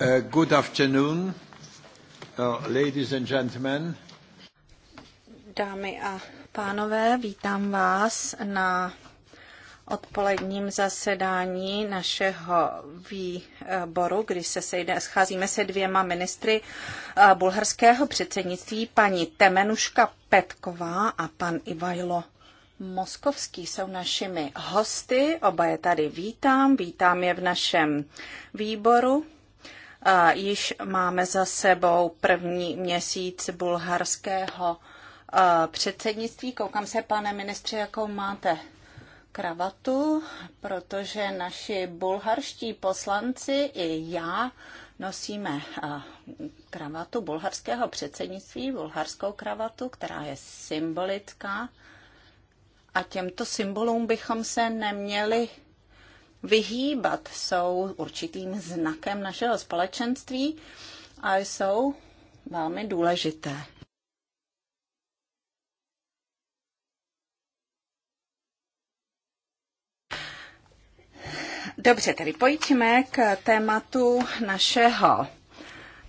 Uh, good afternoon, uh, ladies and gentlemen. Dámy a pánové, vítám vás na odpoledním zasedání našeho výboru, kdy se sejde, scházíme se dvěma ministry uh, bulharského předsednictví, paní Temenuška Petková a pan Ivajlo Moskovský jsou našimi hosty, oba je tady vítám, vítám je v našem výboru. A již máme za sebou první měsíc bulharského předsednictví. Koukám se, pane ministře, jakou máte kravatu, protože naši bulharští poslanci i já nosíme kravatu bulharského předsednictví, bulharskou kravatu, která je symbolická. A těmto symbolům bychom se neměli vyhýbat. Jsou určitým znakem našeho společenství a jsou velmi důležité. Dobře, tedy pojďme k tématu našeho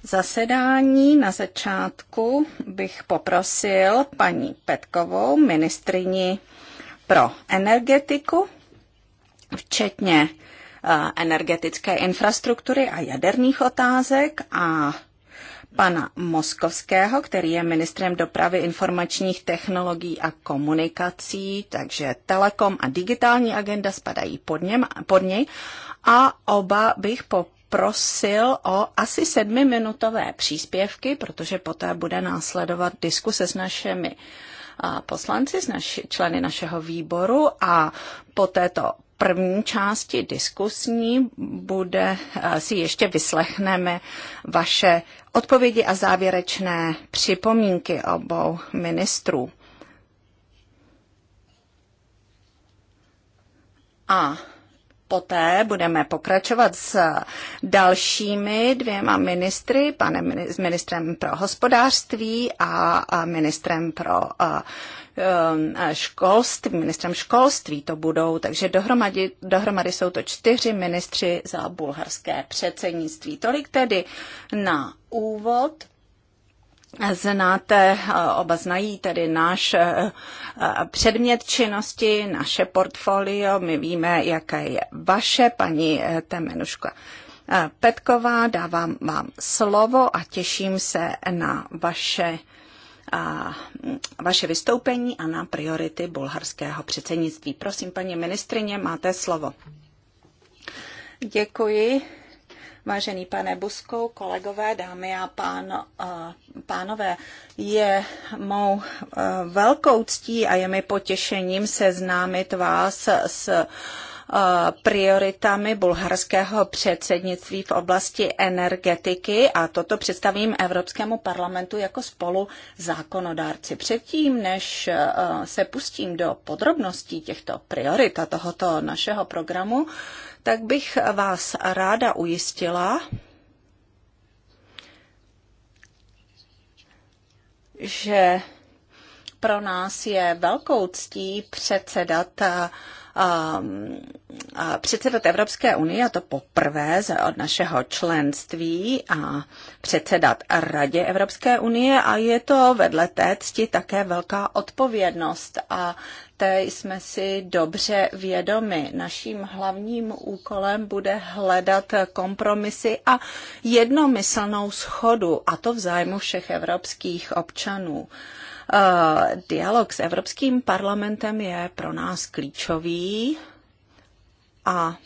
zasedání. Na začátku bych poprosil paní Petkovou, ministrini pro energetiku, včetně eh, energetické infrastruktury a jaderných otázek a pana Moskovského, který je ministrem dopravy informačních technologií a komunikací, takže telekom a digitální agenda spadají pod, něm, pod něj. A oba bych poprosil o asi sedmiminutové příspěvky, protože poté bude následovat diskuse s našimi eh, poslanci, s naši, členy našeho výboru a po této první části diskusní bude, eh, si ještě vyslechneme vaše odpovědi a závěrečné připomínky obou ministrů. A poté budeme pokračovat s dalšími dvěma ministry, panem ministrem pro hospodářství a ministrem pro eh, Ehm, školství, ministrem školství to budou, takže dohromady, dohromady jsou to čtyři ministři za bulharské předsednictví. Tolik tedy na úvod. Znáte, eh, oba znají tedy náš eh, eh, předmět činnosti, naše portfolio, my víme, jaké je vaše, paní Temenuška. Petková, dávám vám slovo a těším se na vaše a mm, vaše vystoupení a na priority bulharského předsednictví. Prosím, paní ministrině, máte slovo. Děkuji. Vážený pane Busko, kolegové, dámy a pán, pánové, je mou e, velkou ctí a je mi potěšením seznámit vás s Eh, prioritami bulharského předsednictví v oblasti energetiky a toto představím Evropskému parlamentu jako spolu zákonodárci. Předtím, než eh, se pustím do podrobností těchto priorit a tohoto našeho programu, tak bych vás ráda ujistila, že pro nás je velkou ctí předsedat eh, Ehm, předsedat Evropské unie, a to poprvé od našeho členství, a předsedat Radě Evropské unie a je to vedle té cti také velká odpovědnost a té jsme si dobře vědomi. Naším hlavním úkolem bude hledat kompromisy a jednomyslnou schodu, a to v zájmu všech evropských občanů. Eh, dialog s Evropským parlamentem je pro nás klíčový a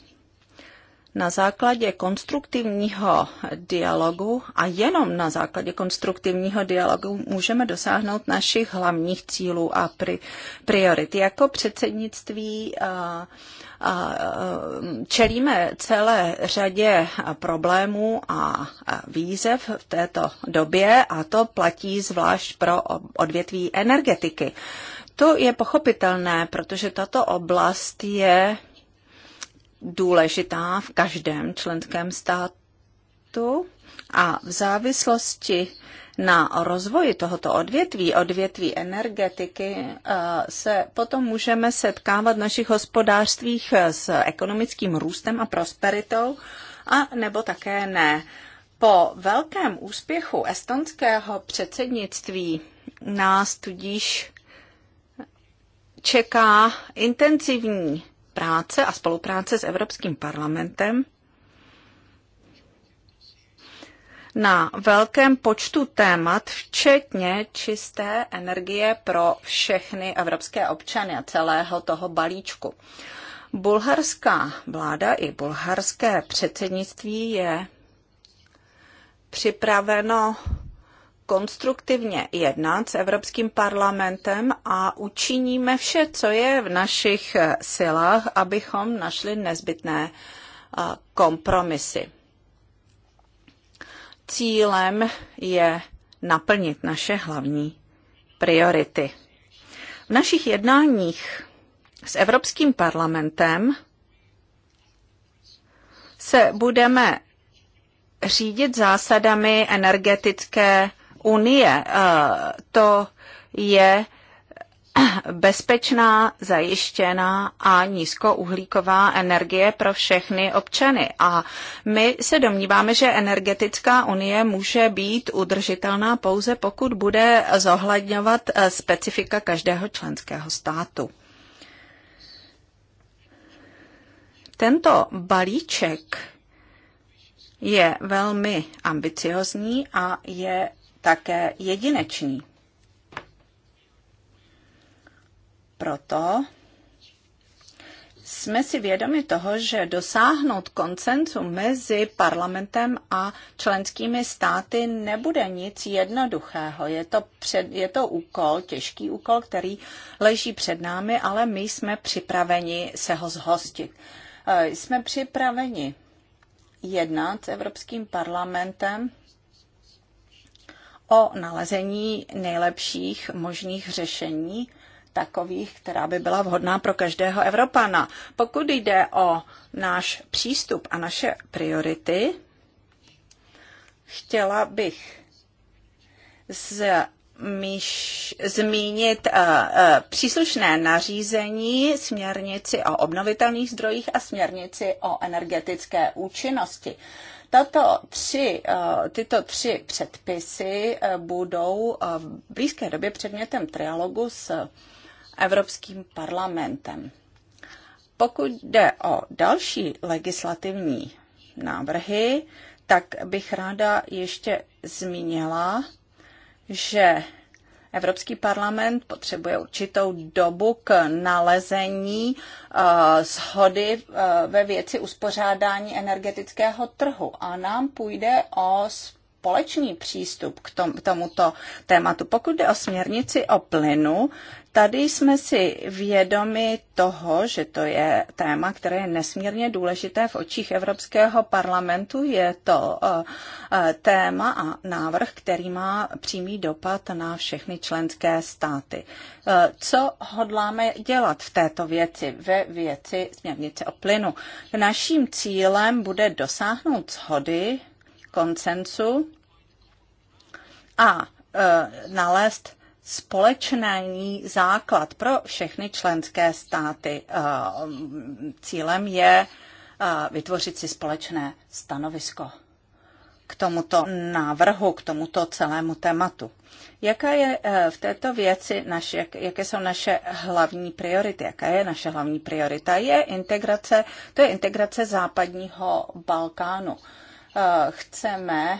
na základě konstruktivního dialogu a jenom na základě konstruktivního dialogu můžeme dosáhnout našich hlavních cílů a pri, priorit. Jako předsednictví eh, E, čelíme celé řadě problémů a výzev v této době a to platí zvlášť pro odvětví energetiky. To je pochopitelné, protože tato oblast je důležitá v každém členském státu a v závislosti na rozvoji tohoto odvětví, odvětví energetiky, eh, se potom můžeme setkávat v našich hospodářstvích s ekonomickým růstem a prosperitou, a nebo také ne. Po velkém úspěchu estonského předsednictví nás tudíž čeká intenzivní práce a spolupráce s Evropským parlamentem na velkém počtu témat, včetně čisté energie pro všechny evropské občany a celého toho balíčku. Bulharská vláda i bulharské předsednictví je připraveno konstruktivně jednat s Evropským parlamentem a učiníme vše, co je v našich silách, abychom našli nezbytné kompromisy. Cílem je naplnit naše hlavní priority. V našich jednáních s Evropským parlamentem se budeme řídit zásadami energetické unie. Eh, to je bezpečná, zajištěná a nízkouhlíková energie pro všechny občany. A my se domníváme, že energetická unie může být udržitelná pouze pokud bude zohledňovat eh, specifika každého členského státu. Tento balíček je velmi ambiciozní a je také jedinečný. proto jsme si vědomi toho, že dosáhnout koncenzu mezi parlamentem a členskými státy nebude nic jednoduchého. Je to, před, je to úkol, těžký úkol, který leží před námi, ale my jsme připraveni se ho zhostit. E, jsme připraveni jednat s Evropským parlamentem o nalezení nejlepších možných řešení takových, která by byla vhodná pro každého Evropana. Pokud jde o náš přístup a naše priority, chtěla bych z Míš, zmínit uh, uh, příslušné nařízení, směrnici o obnovitelných zdrojích a směrnici o energetické účinnosti. Tato tři, uh, tyto tři předpisy budou v blízké době předmětem trialogu s Evropským parlamentem. Pokud jde o další legislativní návrhy, tak bych ráda ještě zmínila, že Evropský parlament potřebuje určitou dobu k nalezení uh, shody uh, ve věci uspořádání energetického trhu a nám půjde o společný přístup k, tom, k tomuto tématu. Pokud jde o směrnici o plynu, Tady jsme si vědomi toho, že to je téma, které je nesmírně důležité v očích Evropského parlamentu. Je to eh, eh, téma a návrh, který má přímý dopad na všechny členské státy. Eh, co hodláme dělat v této věci, ve věci směrnice o plynu? Naším cílem bude dosáhnout shody, koncensu a nalézt společný základ pro všechny členské státy. Eh, cílem je eh, vytvořit si společné stanovisko k tomuto návrhu, k tomuto celému tématu. Jaká je eh, v této věci naše, jaké jsou naše hlavní priority? Jaká je naše hlavní priorita? Je integrace, to je integrace západního Balkánu. Chceme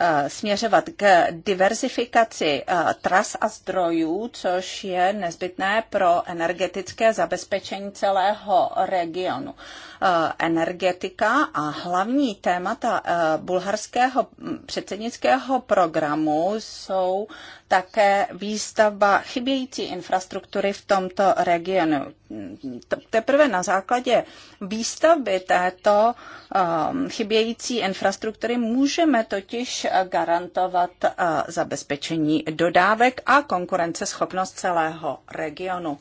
Eh, směřovat k diverzifikaci eh, tras a zdrojů, což je nezbytné pro energetické zabezpečení celého regionu. Eh, energetika a hlavní témata eh, bulharského mm, předsednického programu jsou také výstavba chybějící infrastruktury v tomto regionu. Teprve na základě výstavby této ehm, chybějící infrastruktury můžeme totiž garantovat eh, zabezpečení dodávek a konkurenceschopnost celého regionu.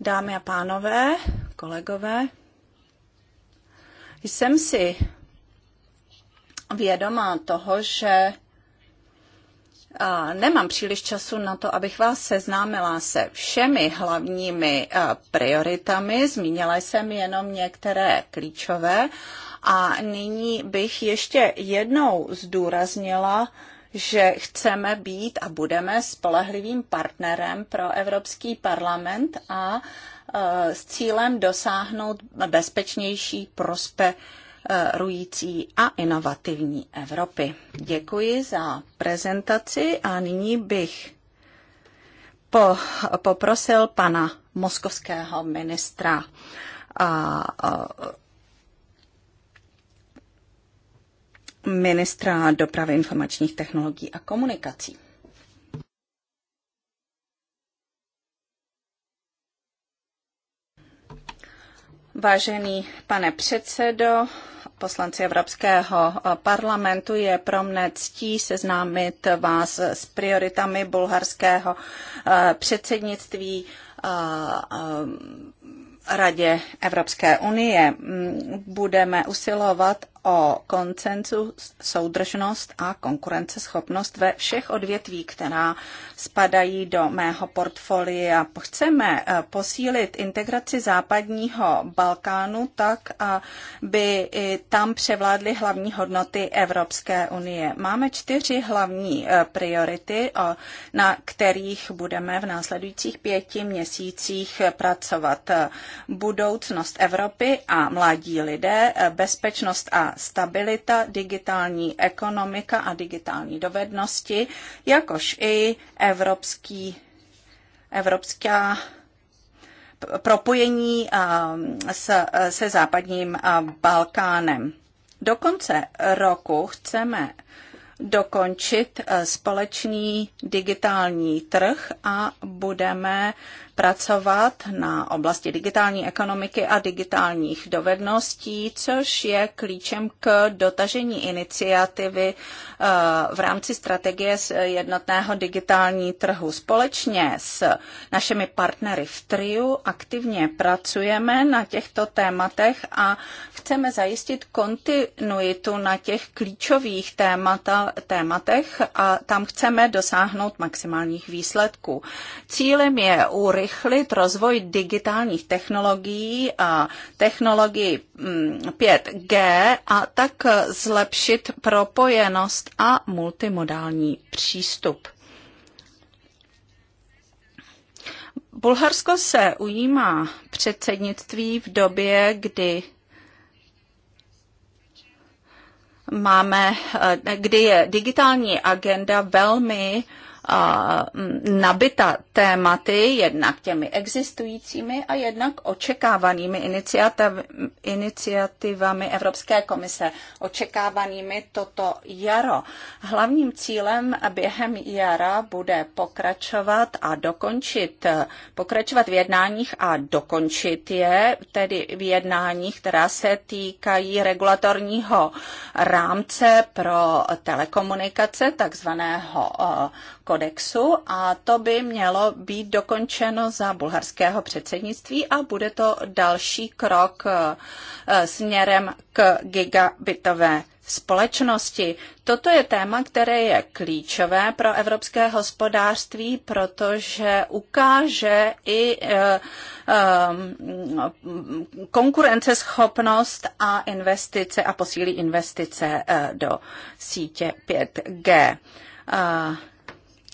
Dámy a pánové, kolegové, jsem si vědomá toho, že Nemám příliš času na to, abych vás seznámila se všemi hlavními prioritami. Zmínila jsem jenom některé klíčové. A nyní bych ještě jednou zdůraznila, že chceme být a budeme spolehlivým partnerem pro Evropský parlament a Eh, s cílem dosáhnout bezpečnější, prosperující a inovativní Evropy. Děkuji za prezentaci a nyní bych po, poprosil pana moskovského ministra a, a ministra dopravy informačních technologií a komunikací. Vážený pane předsedo, poslanci Evropského parlamentu, je pro mne ctí seznámit vás s prioritami bulharského eh, předsednictví eh, eh, Radě Evropské unie. Mm, budeme usilovat o koncenzu, soudržnost a konkurenceschopnost ve všech odvětví, která spadají do mého portfolia. Chceme eh, posílit integraci západního Balkánu tak, aby i tam převládly hlavní hodnoty Evropské unie. Máme čtyři hlavní eh, priority, na kterých budeme v následujících pěti měsících eh, pracovat. Budoucnost Evropy a mladí lidé, bezpečnost a stabilita, digitální ekonomika a digitální dovednosti, jakož i evropský, evropská propojení um, se, se západním uh, Balkánem. Do konce roku chceme dokončit uh, společný digitální trh a budeme pracovat na oblasti digitální ekonomiky a digitálních dovedností, což je klíčem k dotažení iniciativy eh, v rámci strategie jednotného digitální trhu. Společně s našimi partnery v TRIU aktivně pracujeme na těchto tématech a chceme zajistit kontinuitu na těch klíčových témata, tématech a tam chceme dosáhnout maximálních výsledků. Cílem je urychlit zrychlit rozvoj digitálních technologií a technologií 5G mm, a tak zlepšit propojenost a multimodální přístup. Bulharsko se ujímá předsednictví v době, kdy máme, eh, kdy je digitální agenda velmi uh, Mm, nabita tématy, jednak těmi existujícími a jednak očekávanými iniciativami Evropské komise, očekávanými toto jaro. Hlavním cílem během jara bude pokračovat a dokončit, pokračovat v jednáních a dokončit je, tedy v jednáních, která se týkají regulatorního rámce pro telekomunikace, takzvaného eh, kodexu a to by mělo být dokončeno za bulharského předsednictví a bude to další krok eh, směrem k gigabitové společnosti. Toto je téma, které je klíčové pro evropské hospodářství, protože ukáže i eh, eh, konkurenceschopnost a investice a posílí investice do sítě 5G.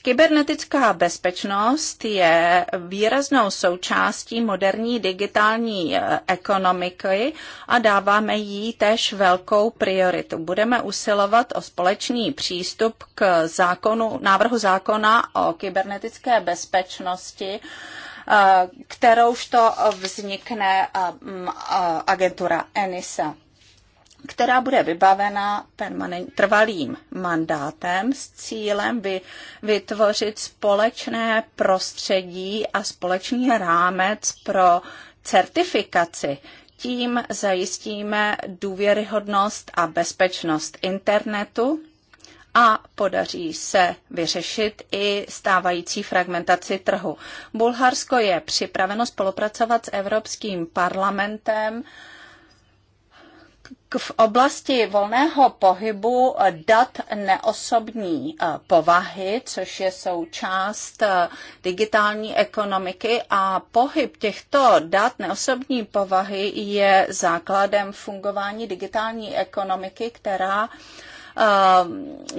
Kybernetická bezpečnost je výraznou součástí moderní digitální eh, ekonomiky a dáváme jí též velkou prioritu. Budeme usilovat o společný přístup k zákonu, návrhu zákona o kybernetické bezpečnosti, eh, to vznikne eh, agentura ENISA která bude vybavena trvalým mandátem s cílem vy, vytvořit společné prostředí a společný rámec pro certifikaci. Tím zajistíme důvěryhodnost a bezpečnost internetu a podaří se vyřešit i stávající fragmentaci trhu. Bulharsko je připraveno spolupracovat s Evropským parlamentem v oblasti volného pohybu dat neosobní eh, povahy, což je součást eh, digitální ekonomiky a pohyb těchto dat neosobní povahy je základem fungování digitální ekonomiky, která Eh,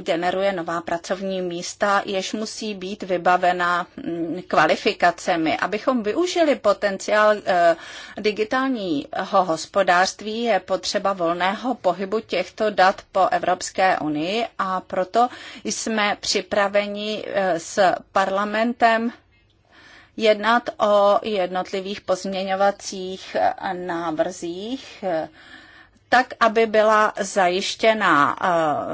generuje nová pracovní místa, jež musí být vybavena mm, kvalifikacemi. Abychom využili potenciál eh, digitálního hospodářství, je potřeba volného pohybu těchto dat po Evropské unii a proto jsme připraveni eh, s parlamentem jednat o jednotlivých pozměňovacích návrzích tak, aby byla zajištěna eh,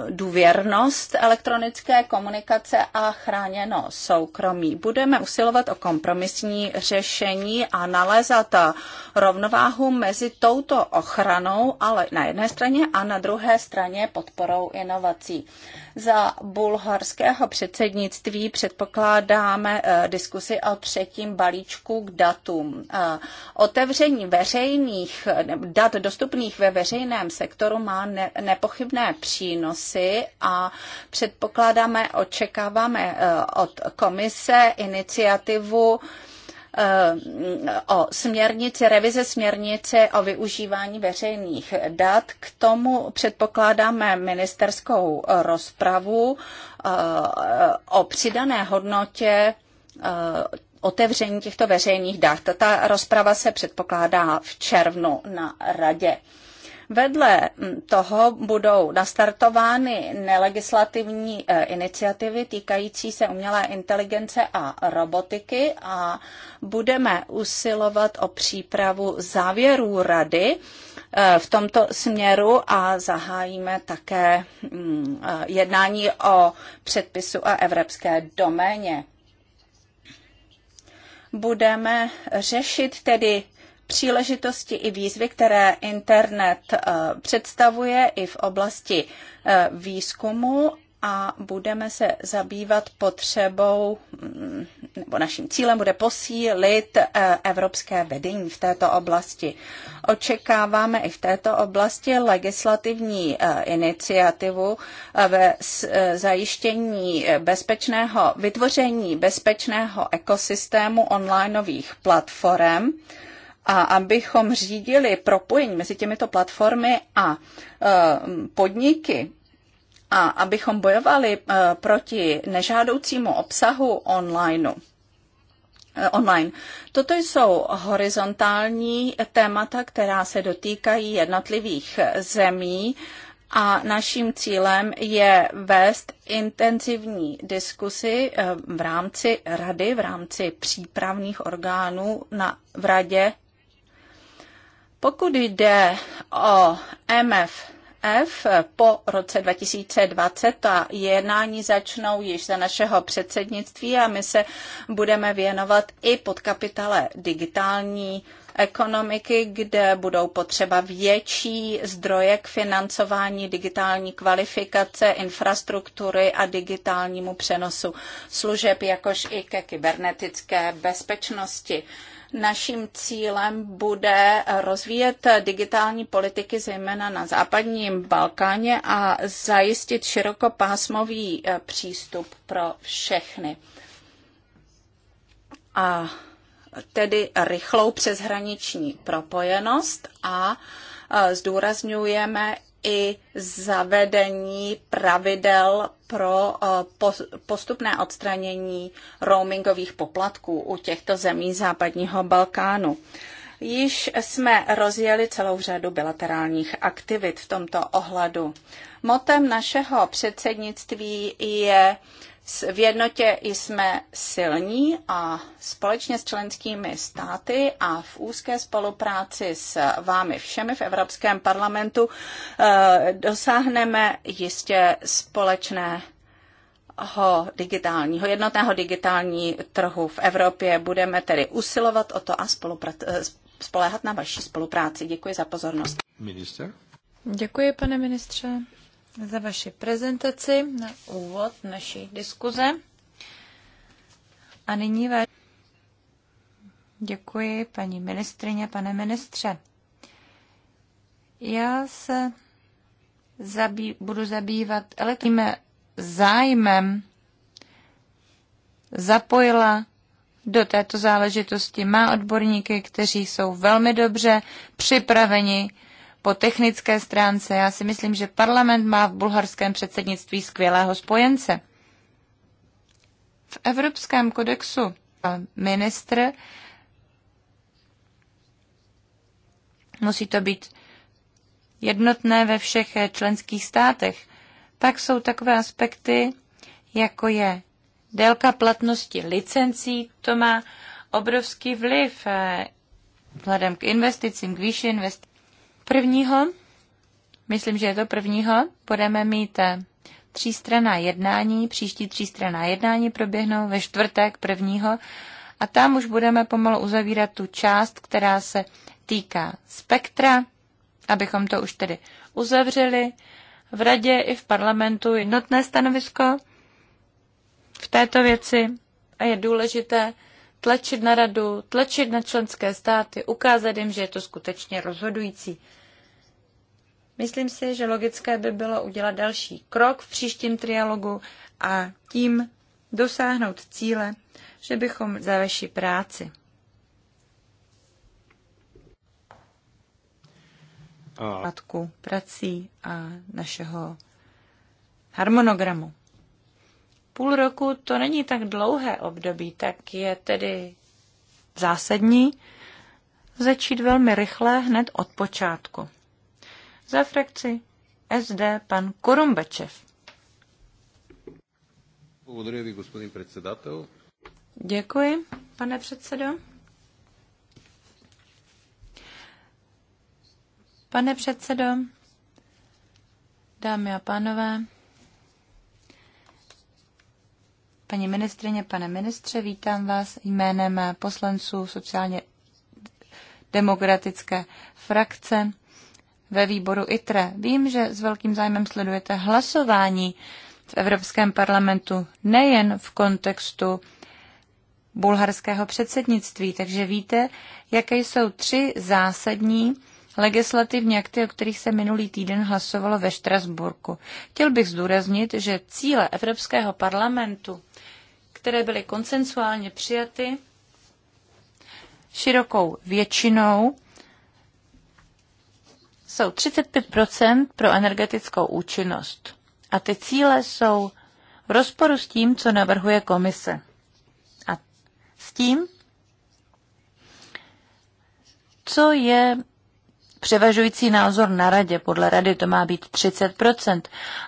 důvěrnost elektronické komunikace a chráněno soukromí. Budeme usilovat o kompromisní řešení a nalézat eh, rovnováhu mezi touto ochranou, ale na jedné straně a na druhé straně podporou inovací. Za bulharského předsednictví předpokládáme eh, diskusi o třetím balíčku k datům. Eh, otevření veřejných eh, dat dostupných ve veřejném sektoru má nepochybné přínosy a předpokládáme, očekáváme od komise iniciativu, o směrnici, revize směrnice o využívání veřejných dat. K tomu předpokládáme ministerskou rozpravu eh, o přidané hodnotě eh, otevření těchto veřejných dat. Ta rozprava se předpokládá v červnu na radě. Vedle mm, toho budou nastartovány nelegislativní e, iniciativy týkající se umělé inteligence a robotiky a budeme usilovat o přípravu závěrů rady e, v tomto směru a zahájíme také mm, e, jednání o předpisu a evropské doméně budeme řešit tedy příležitosti i výzvy, které internet eh, představuje i v oblasti eh, výzkumu a budeme se zabývat potřebou, mm, nebo naším cílem bude posílit eh, evropské vedení v této oblasti. Očekáváme i v této oblasti legislativní iniciativu ve zajištění bezpečného, vytvoření bezpečného ekosystému onlineových platform, platform, a abychom řídili propojení mezi těmito platformy a e, podniky, a abychom bojovali e, proti nežádoucímu obsahu online. E, online. Toto jsou horizontální témata, která se dotýkají jednotlivých zemí a naším cílem je vést intenzivní diskusy v rámci rady, v rámci přípravných orgánů na, v radě pokud jde o MF, F po roce 2020. a jednání začnou již za našeho předsednictví a my se budeme věnovat i pod kapitale digitální ekonomiky, kde budou potřeba větší zdroje k financování digitální kvalifikace, infrastruktury a digitálnímu přenosu služeb, jakož i ke kybernetické bezpečnosti. Naším cílem bude rozvíjet digitální politiky zejména na západním Balkáně a zajistit širokopásmový eh, přístup pro všechny. A tedy rychlou přeshraniční propojenost a eh, zdůrazňujeme i zavedení pravidel pro eh, postupné odstranění roamingových poplatků u těchto zemí západního Balkánu. Již jsme rozjeli celou řadu bilaterálních aktivit v tomto ohledu. Motem našeho předsednictví je uh, v jednotě jsme silní a společně s členskými státy a v úzké spolupráci s vámi všemi v Evropském parlamentu eh, dosáhneme jistě společné digitálního, jednotného digitální trhu v Evropě. Budeme tedy usilovat o to a eh, spoléhat na vaší spolupráci. Děkuji za pozornost. Minister. Děkuji, pane ministře za vaši prezentaci na úvod naší diskuze. A nyní vás děkuji, paní ministrině, pane ministře. Já se zabý, budu zabývat elektrým zájmem zapojila do této záležitosti. Má odborníky, kteří jsou velmi dobře připraveni po technické stránce. Já si myslím, že parlament má v bulharském předsednictví skvělého spojence. V Evropském kodexu ministr musí to být jednotné ve všech členských státech. Pak jsou takové aspekty, jako je délka platnosti licencí, to má obrovský vliv eh, vzhledem k investicím, k výši investic. Prvního, myslím, že je to prvního, budeme mít eh, třístraná jednání, příští třístraná jednání proběhnou ve čtvrtek prvního a tam už budeme pomalu uzavírat tu část, která se týká spektra, abychom to už tedy uzavřeli. V radě i v parlamentu jednotné stanovisko v této věci a je důležité tlačit na radu, tlačit na členské státy, ukázat jim, že je to skutečně rozhodující. Myslím si, že logické by bylo udělat další krok v příštím trialogu a tím dosáhnout cíle, že bychom za vaši práci. A... prací a našeho harmonogramu. Půl roku to není tak dlouhé období, tak je tedy zásadní začít velmi rychle hned od počátku. Za frakci SD pan Korumbačev. Děkuji, pane předsedo. Pane předsedo, dámy a pánové, paní ministrině, pane ministře, vítám vás jménem poslanců sociálně demokratické frakce ve výboru ITRE. Vím, že s velkým zájmem sledujete hlasování v Evropském parlamentu nejen v kontextu bulharského předsednictví, takže víte, jaké jsou tři zásadní legislativní akty, o kterých se minulý týden hlasovalo ve Štrasburku. Chtěl bych zdůraznit, že cíle Evropského parlamentu, které byly konsensuálně přijaty širokou většinou, jsou 35 pro energetickou účinnost. A ty cíle jsou v rozporu s tím, co navrhuje komise. A s tím, co je převažující názor na radě. Podle rady to má být 30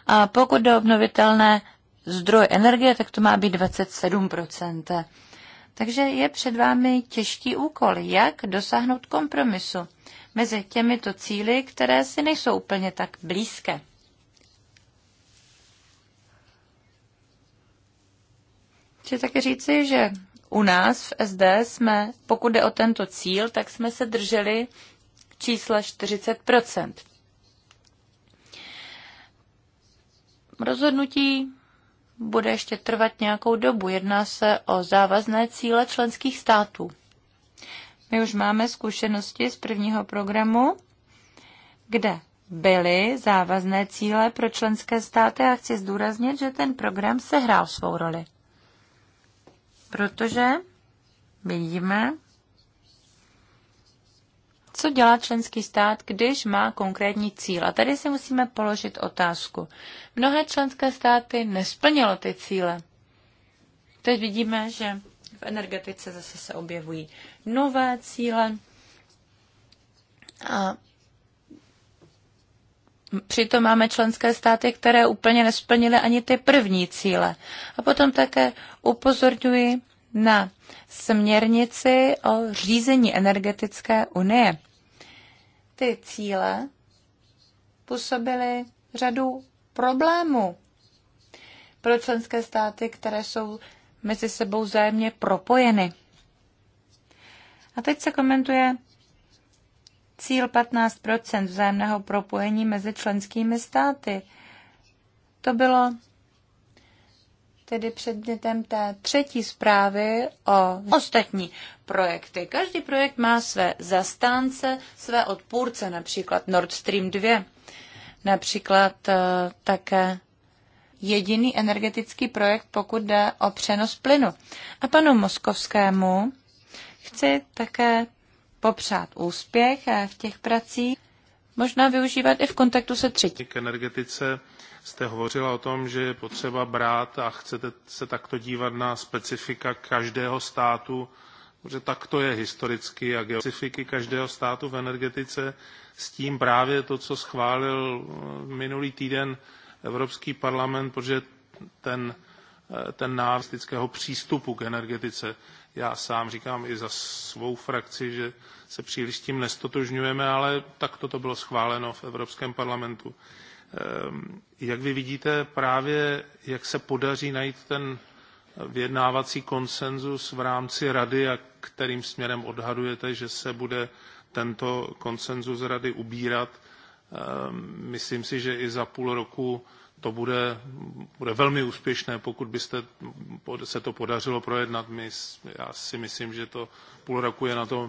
A pokud jde obnovitelné zdroje energie, tak to má být 27 Takže je před vámi těžký úkol, jak dosáhnout kompromisu mezi těmito cíly, které si nejsou úplně tak blízké. Chci také říci, že u nás v SD jsme, pokud jde o tento cíl, tak jsme se drželi čísla 40 Rozhodnutí bude ještě trvat nějakou dobu. Jedná se o závazné cíle členských států. My už máme zkušenosti z prvního programu, kde byly závazné cíle pro členské státy a chci zdůraznit, že ten program sehrál svou roli. Protože vidíme, co dělá členský stát, když má konkrétní cíl. A tady si musíme položit otázku. Mnohé členské státy nesplnilo ty cíle. Teď vidíme, že energetice zase se objevují nové cíle. A Přitom máme členské státy, které úplně nesplnily ani ty první cíle. A potom také upozorňuji na směrnici o řízení energetické unie. Ty cíle působily řadu problémů pro členské státy, které jsou mezi sebou zájemně propojeny. A teď se komentuje cíl 15 vzájemného propojení mezi členskými státy. To bylo tedy předmětem té třetí zprávy o ostatní projekty. Každý projekt má své zastánce, své odpůrce, například Nord Stream 2, například eh, také jediný energetický projekt, pokud jde o přenos plynu. A panu Moskovskému chci také popřát úspěch eh, v těch pracích, možná využívat i v kontaktu se třetí. K energetice jste hovořila o tom, že je potřeba brát a chcete se takto dívat na specifika každého státu, protože tak to je historicky a geosifiky každého státu v energetice. S tím právě to, co schválil minulý týden Evropský parlament, protože ten, eh, ten návistického přístupu k energetice, já sám říkám i za svou frakci, že se příliš tím nestotožňujeme, ale takto to bylo schváleno v Evropském parlamentu. Ehm, jak vy vidíte právě, jak se podaří najít ten vyjednávací konsenzus v rámci rady a kterým směrem odhadujete, že se bude tento konsenzus rady ubírat Ehm, myslím si, že i za půl roku to bude, bude velmi úspěšné, pokud byste se to podařilo projednat. My, já si myslím, že to půl roku je na to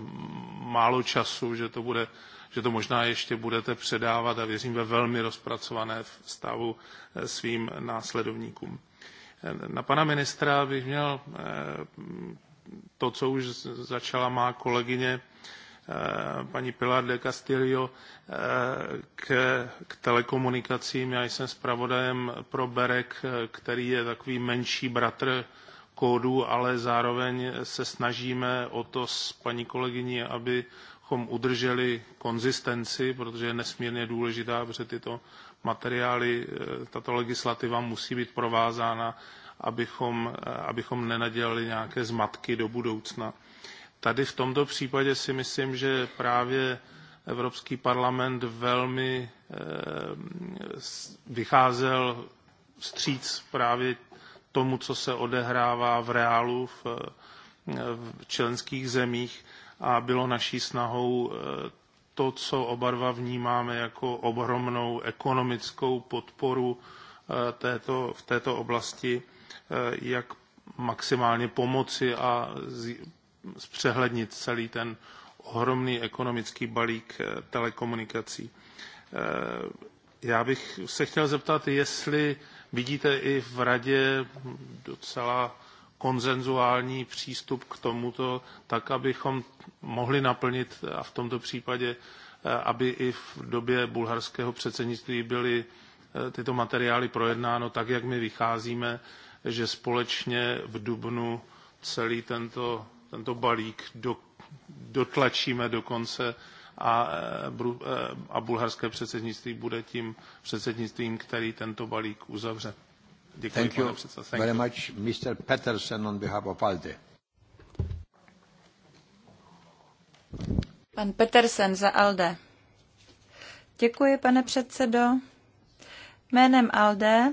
málo času, že to, bude, že to možná ještě budete předávat a věřím ve velmi rozpracované stavu eh, svým následovníkům. Eh, na pana ministra bych měl eh, to, co už začala má kolegyně, Eh, paní Pilar de Castillo eh, k, k telekomunikacím. Já jsem zpravodajem pro Berek, eh, který je takový menší bratr kódu, ale zároveň se snažíme o to s paní kolegyní, abychom udrželi konzistenci, protože je nesmírně důležitá, protože tyto materiály, tato legislativa musí být provázána, abychom, abychom nenadělali nějaké zmatky do budoucna. Tady v tomto případě si myslím, že právě Evropský parlament velmi eh, vycházel vstříc právě tomu, co se odehrává v reálu v, eh, v členských zemích a bylo naší snahou eh, to, co oba dva vnímáme jako ohromnou ekonomickou podporu této, v této oblasti, jak maximálně pomoci a zpřehlednit celý ten ohromný ekonomický balík eh, telekomunikací. Eh, já bych se chtěl zeptat, jestli vidíte i v radě docela konzenzuální přístup k tomuto, tak abychom mohli naplnit a v tomto případě, eh, aby i v době bulharského předsednictví byly tyto materiály projednáno tak, jak my vycházíme, že společně v Dubnu celý tento tento balík do, dotlačíme do konce a, eh, eh, a bulharské předsednictví bude tím předsednictvím, který tento balík uzavře. Děkuji, Thank pane Thank very much, Mr. Peterson on behalf of ALDE. Pan Petersen za ALDE. Děkuji, pane předsedo. Jménem ALDE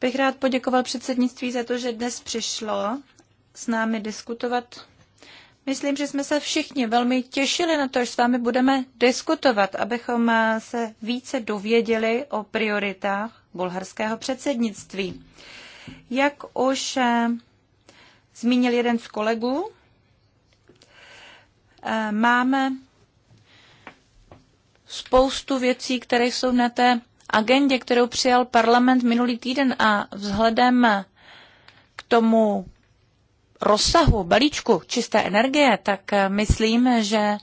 bych rád poděkoval předsednictví za to, že dnes přišlo s námi diskutovat. Myslím, že jsme se všichni velmi těšili na to, že s vámi budeme diskutovat, abychom eh, se více dověděli o prioritách bulharského předsednictví. Jak už eh, zmínil jeden z kolegů, eh, máme spoustu věcí, které jsou na té agendě, kterou přijal parlament minulý týden a vzhledem k tomu rozsahu balíčku čisté energie, tak eh, myslím, že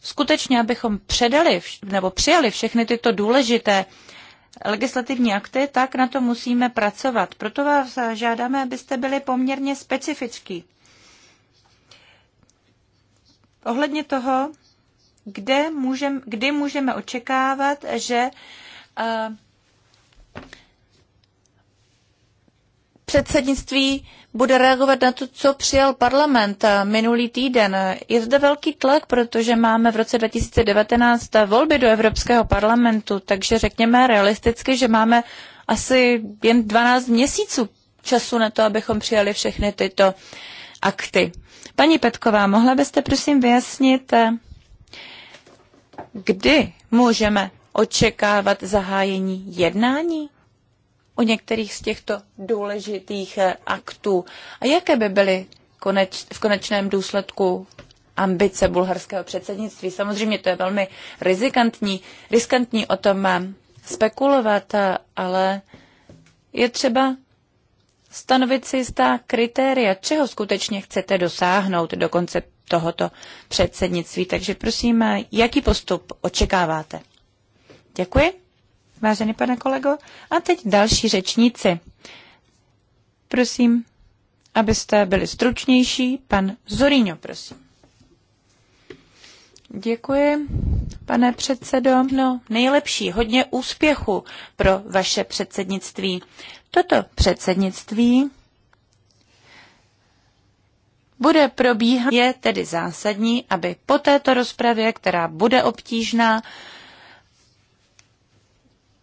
skutečně, abychom předali nebo přijali všechny tyto důležité legislativní akty, tak na to musíme pracovat. Proto vás eh, žádáme, abyste byli poměrně specifický. Ohledně toho, kde můžem, kdy můžeme očekávat, že uh, předsednictví bude reagovat na to, co přijal parlament eh, minulý týden. Je zde velký tlak, protože máme v roce 2019 volby do Evropského parlamentu, takže řekněme realisticky, že máme asi jen 12 měsíců času na to, abychom přijali všechny tyto akty. Paní Petková, mohla byste prosím vyjasnit, eh, kdy můžeme očekávat zahájení jednání? o některých z těchto důležitých eh, aktů a jaké by byly koneč, v konečném důsledku ambice bulharského předsednictví. Samozřejmě to je velmi rizikantní, riskantní o tom eh, spekulovat, eh, ale je třeba stanovit si jistá kritéria, čeho skutečně chcete dosáhnout do konce tohoto předsednictví. Takže prosím, jaký postup očekáváte? Děkuji vážený pane kolego. A teď další řečníci. Prosím, abyste byli stručnější. Pan Zoríňo, prosím. Děkuji, pane předsedo. No, nejlepší, hodně úspěchu pro vaše předsednictví. Toto předsednictví bude probíhat. Je tedy zásadní, aby po této rozpravě, která bude obtížná,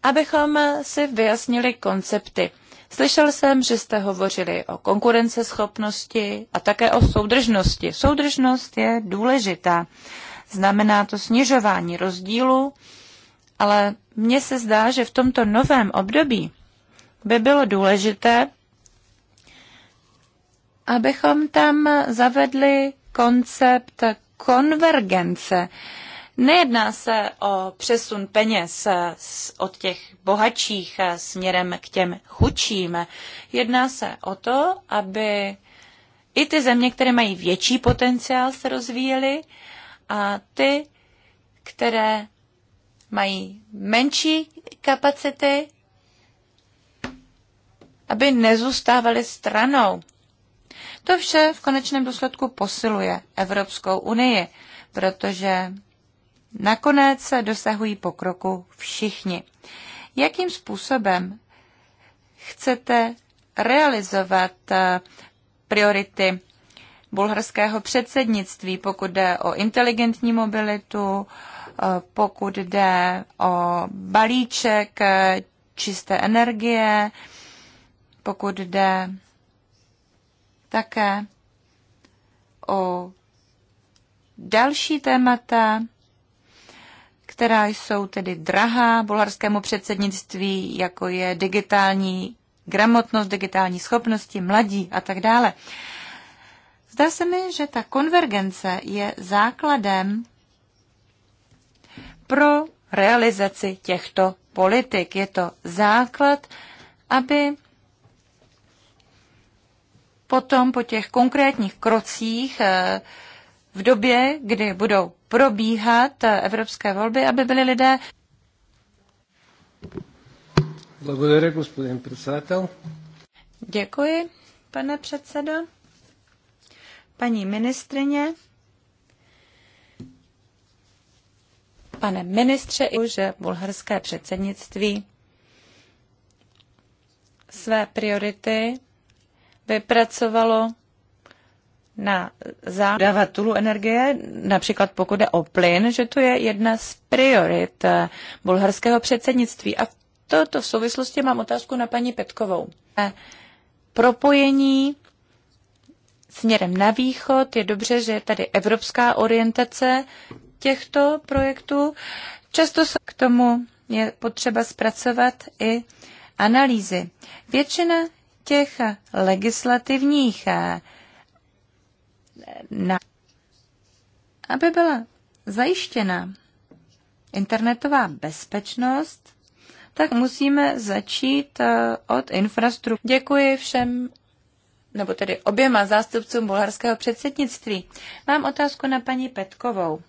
abychom si vyjasnili koncepty. Slyšel jsem, že jste hovořili o konkurenceschopnosti a také o soudržnosti. Soudržnost je důležitá. Znamená to snižování rozdílu, ale mně se zdá, že v tomto novém období by bylo důležité, abychom tam zavedli koncept konvergence. Uh, Nejedná se o přesun peněz od těch bohatších směrem k těm chudším. Jedná se o to, aby i ty země, které mají větší potenciál, se rozvíjely a ty, které mají menší kapacity, aby nezůstávaly stranou. To vše v konečném důsledku posiluje Evropskou unii, protože nakonec se dosahují pokroku všichni. Jakým způsobem chcete realizovat eh, priority bulharského předsednictví, pokud jde o inteligentní mobilitu, eh, pokud jde o balíček eh, čisté energie, pokud jde také o další témata, která jsou tedy drahá bulharskému předsednictví, jako je digitální gramotnost, digitální schopnosti, mladí a tak dále. Zdá se mi, že ta konvergence je základem pro realizaci těchto politik. Je to základ, aby potom po těch konkrétních krocích eh, v době, kdy budou probíhat eh, evropské volby, aby byli lidé. Děkuji, pane předsedo. Paní ministrině, pane ministře, že bulharské předsednictví své priority vypracovalo na zádavatulu energie, například pokud jde o plyn, že to je jedna z priorit eh, bulharského předsednictví. A v souvislosti mám otázku na paní Petkovou. Eh, propojení směrem na východ, je dobře, že je tady evropská orientace těchto projektů. Často se k tomu je potřeba zpracovat i analýzy. Většina těch legislativních eh, na, aby byla zajištěna internetová bezpečnost, tak musíme začít eh, od infrastruktury. Děkuji všem, nebo tedy oběma zástupcům bulharského předsednictví. Mám otázku na paní Petkovou.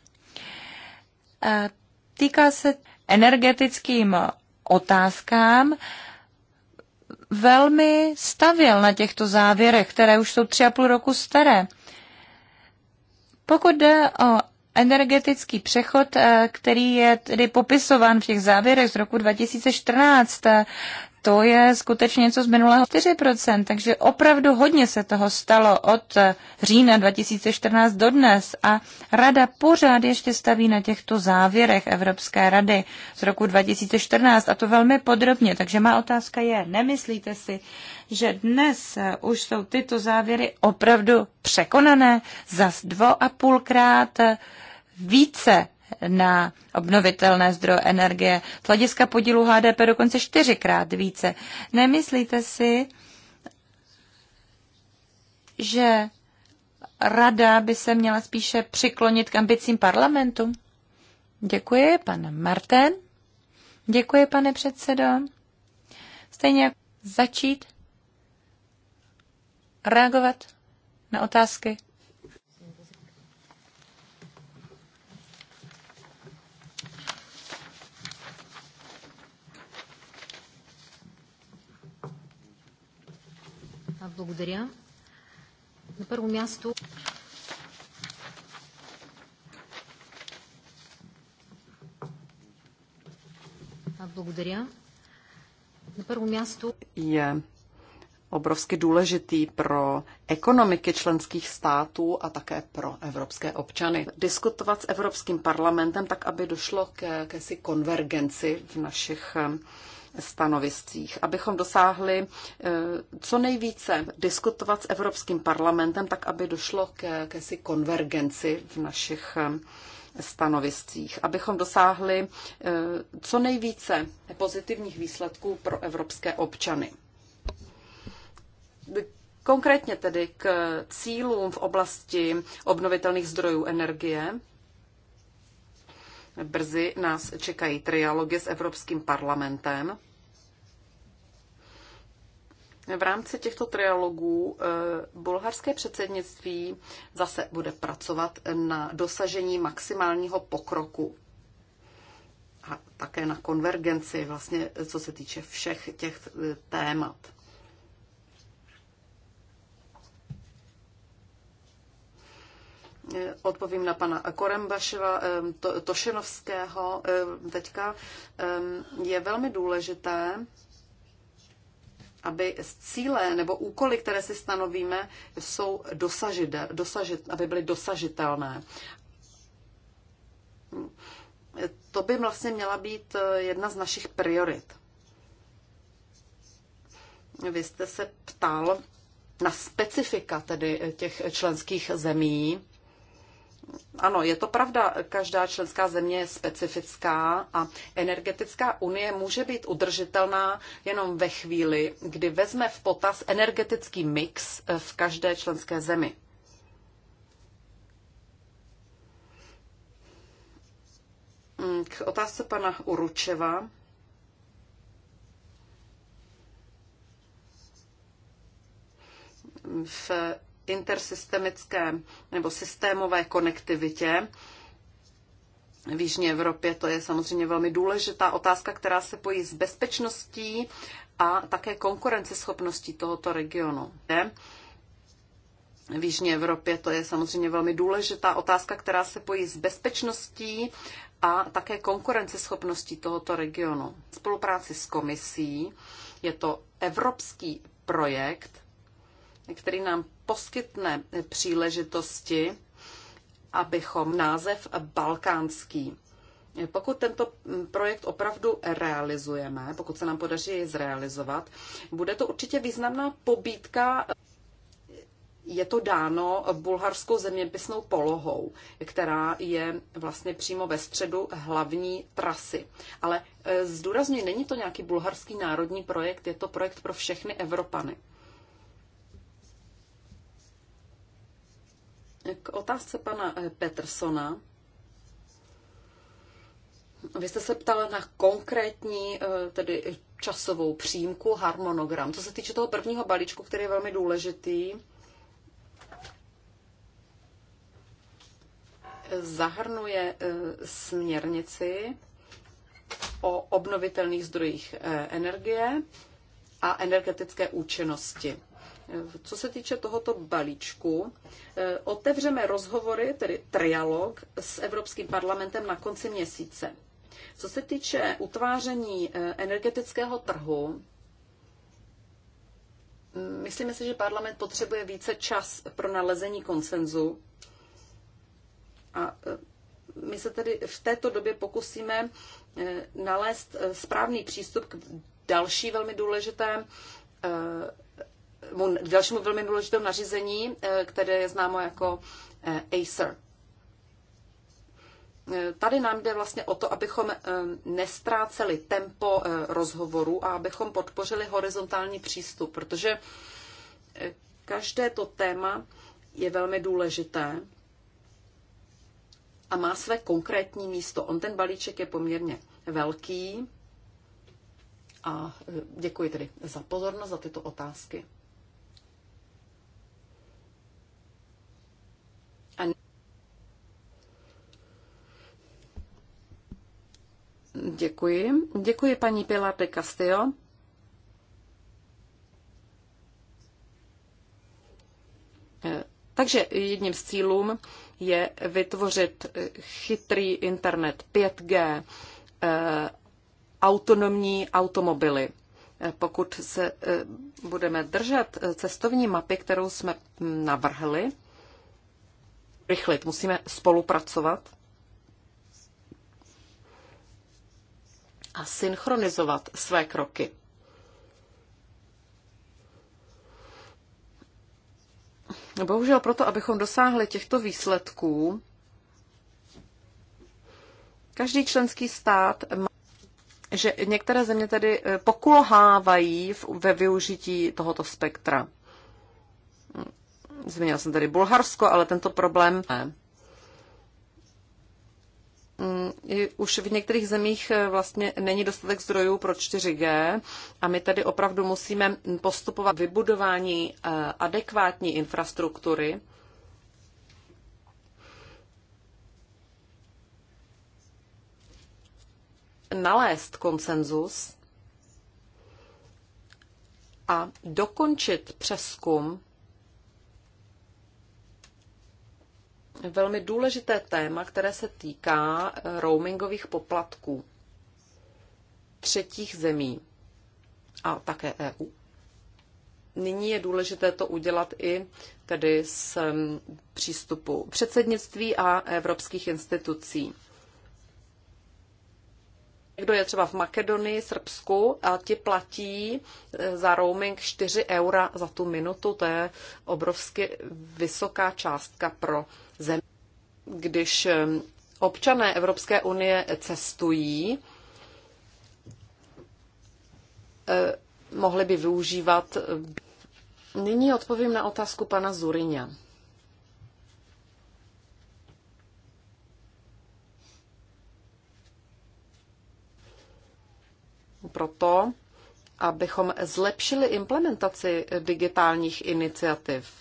Eh, týká se energetickým otázkám. Velmi stavěl na těchto závěrech, které už jsou tři a půl roku staré. Pokud jde o energetický přechod, eh, který je tedy popisován v těch závěrech z roku 2014, eh, to je skutečně něco z minulého 4%, takže opravdu hodně se toho stalo od eh, října 2014 do dnes a rada pořád ještě staví na těchto závěrech Evropské rady z roku 2014 a to velmi podrobně, takže má otázka je, nemyslíte si, že dnes eh, už jsou tyto závěry opravdu překonané za dvo a půlkrát eh, více na obnovitelné zdroje energie. Z hlediska podílu HDP dokonce čtyřikrát více. Nemyslíte si, že rada by se měla spíše přiklonit k ambicím parlamentu? Děkuji, pan Marten. Děkuji, pane předsedo. Stejně jako začít reagovat na otázky? Благодаря. На първо място Благодаря. На първо място. Yeah obrovsky důležitý pro ekonomiky členských států a také pro evropské občany. Diskutovat s Evropským parlamentem tak, aby došlo k jakési konvergenci v našich eh, stanoviscích, abychom dosáhli eh, co nejvíce diskutovat s Evropským parlamentem tak, aby došlo k jakési konvergenci v našich eh, stanoviscích, abychom dosáhli co nejvíce pozitivních výsledků pro evropské občany. Konkrétně tedy k cílům v oblasti obnovitelných zdrojů energie. Brzy nás čekají trialogy s Evropským parlamentem. V rámci těchto trialogů eh, bulharské předsednictví zase bude pracovat na dosažení maximálního pokroku a také na konvergenci, vlastně, co se týče všech těch eh, témat. Eh, odpovím na pana Korembaševa, eh, to, Tošenovského eh, teďka, je velmi důležité, aby cíle nebo úkoly, které si stanovíme, jsou dosažit, aby byly dosažitelné. To by vlastně měla být jedna z našich priorit. Vy jste se ptal na specifika tedy těch členských zemí ano, je to pravda, každá členská země je specifická a energetická unie může být udržitelná jenom ve chvíli, kdy vezme v potaz energetický mix eh, v každé členské zemi. Mm, k otázce pana Uručeva. V intersystemické nebo systémové konektivitě. V Jižní Evropě to je samozřejmě velmi důležitá otázka, která se pojí s bezpečností a také konkurenceschopností tohoto regionu. V Jižní Evropě to je samozřejmě velmi důležitá otázka, která se pojí s bezpečností a také konkurenceschopností tohoto regionu. V spolupráci s komisí je to evropský projekt, který nám poskytne příležitosti, abychom název balkánský pokud tento projekt opravdu realizujeme, pokud se nám podaří jej zrealizovat, bude to určitě významná pobídka. Je to dáno bulharskou zeměpisnou polohou, která je vlastně přímo ve středu hlavní trasy. Ale e, zdůrazně není to nějaký bulharský národní projekt, je to projekt pro všechny Evropany. K otázce pana eh, Petersona. Vy jste se ptala na konkrétní eh, tedy časovou přímku, harmonogram. Co se týče toho prvního balíčku, který je velmi důležitý, zahrnuje eh, směrnici o obnovitelných zdrojích energie a energetické účinnosti. Co se týče tohoto balíčku, eh, otevřeme rozhovory, tedy trialog s Evropským parlamentem na konci měsíce. Co se týče utváření eh, energetického trhu, mm, myslíme si, že parlament potřebuje více čas pro nalezení konsenzu a eh, my se tedy v této době pokusíme nalézt správný přístup k další velmi důležité dalšímu velmi důležitému nařízení, eh, které je známo jako eh, ACER. Eh, tady nám jde vlastně o to, abychom nestráceli tempo rozhovoru a abychom podpořili horizontální přístup, protože každé to téma je velmi důležité a má své konkrétní místo. On ten balíček je poměrně velký a děkuji tedy za pozornost, za tyto otázky. A Děkuji. Děkuji paní Pilate Castillo. Eh, takže jedním z cílů je vytvořit chytrý internet 5G, eh, autonomní automobily. Eh, pokud se budeme držet cestovní mapy, kterou jsme hm, navrhli, rychlit, musíme spolupracovat a synchronizovat své kroky. Bohužel proto, abychom dosáhli těchto výsledků, každý členský stát má že některé země tedy eh, pokulhávají ve využití tohoto spektra. Zmínila jsem tady Bulharsko, ale tento problém ne. Mm, už v některých zemích eh, vlastně není dostatek zdrojů pro 4G a my tady opravdu musíme postupovat vybudování eh, adekvátní infrastruktury, nalézt konsenzus a dokončit přeskum velmi důležité téma, které se týká eh, roamingových poplatků třetích zemí a také EU. Nyní je důležité to udělat i tedy s mm, přístupu předsednictví a evropských institucí. Kdo je třeba v Makedonii, Srbsku a ti platí eh, za roaming 4 eura za tu minutu. To je obrovsky vysoká částka pro když občané Evropské unie cestují, eh, mohli by využívat. Eh, nyní odpovím na otázku pana Zurině. Proto, abychom zlepšili implementaci digitálních iniciativ,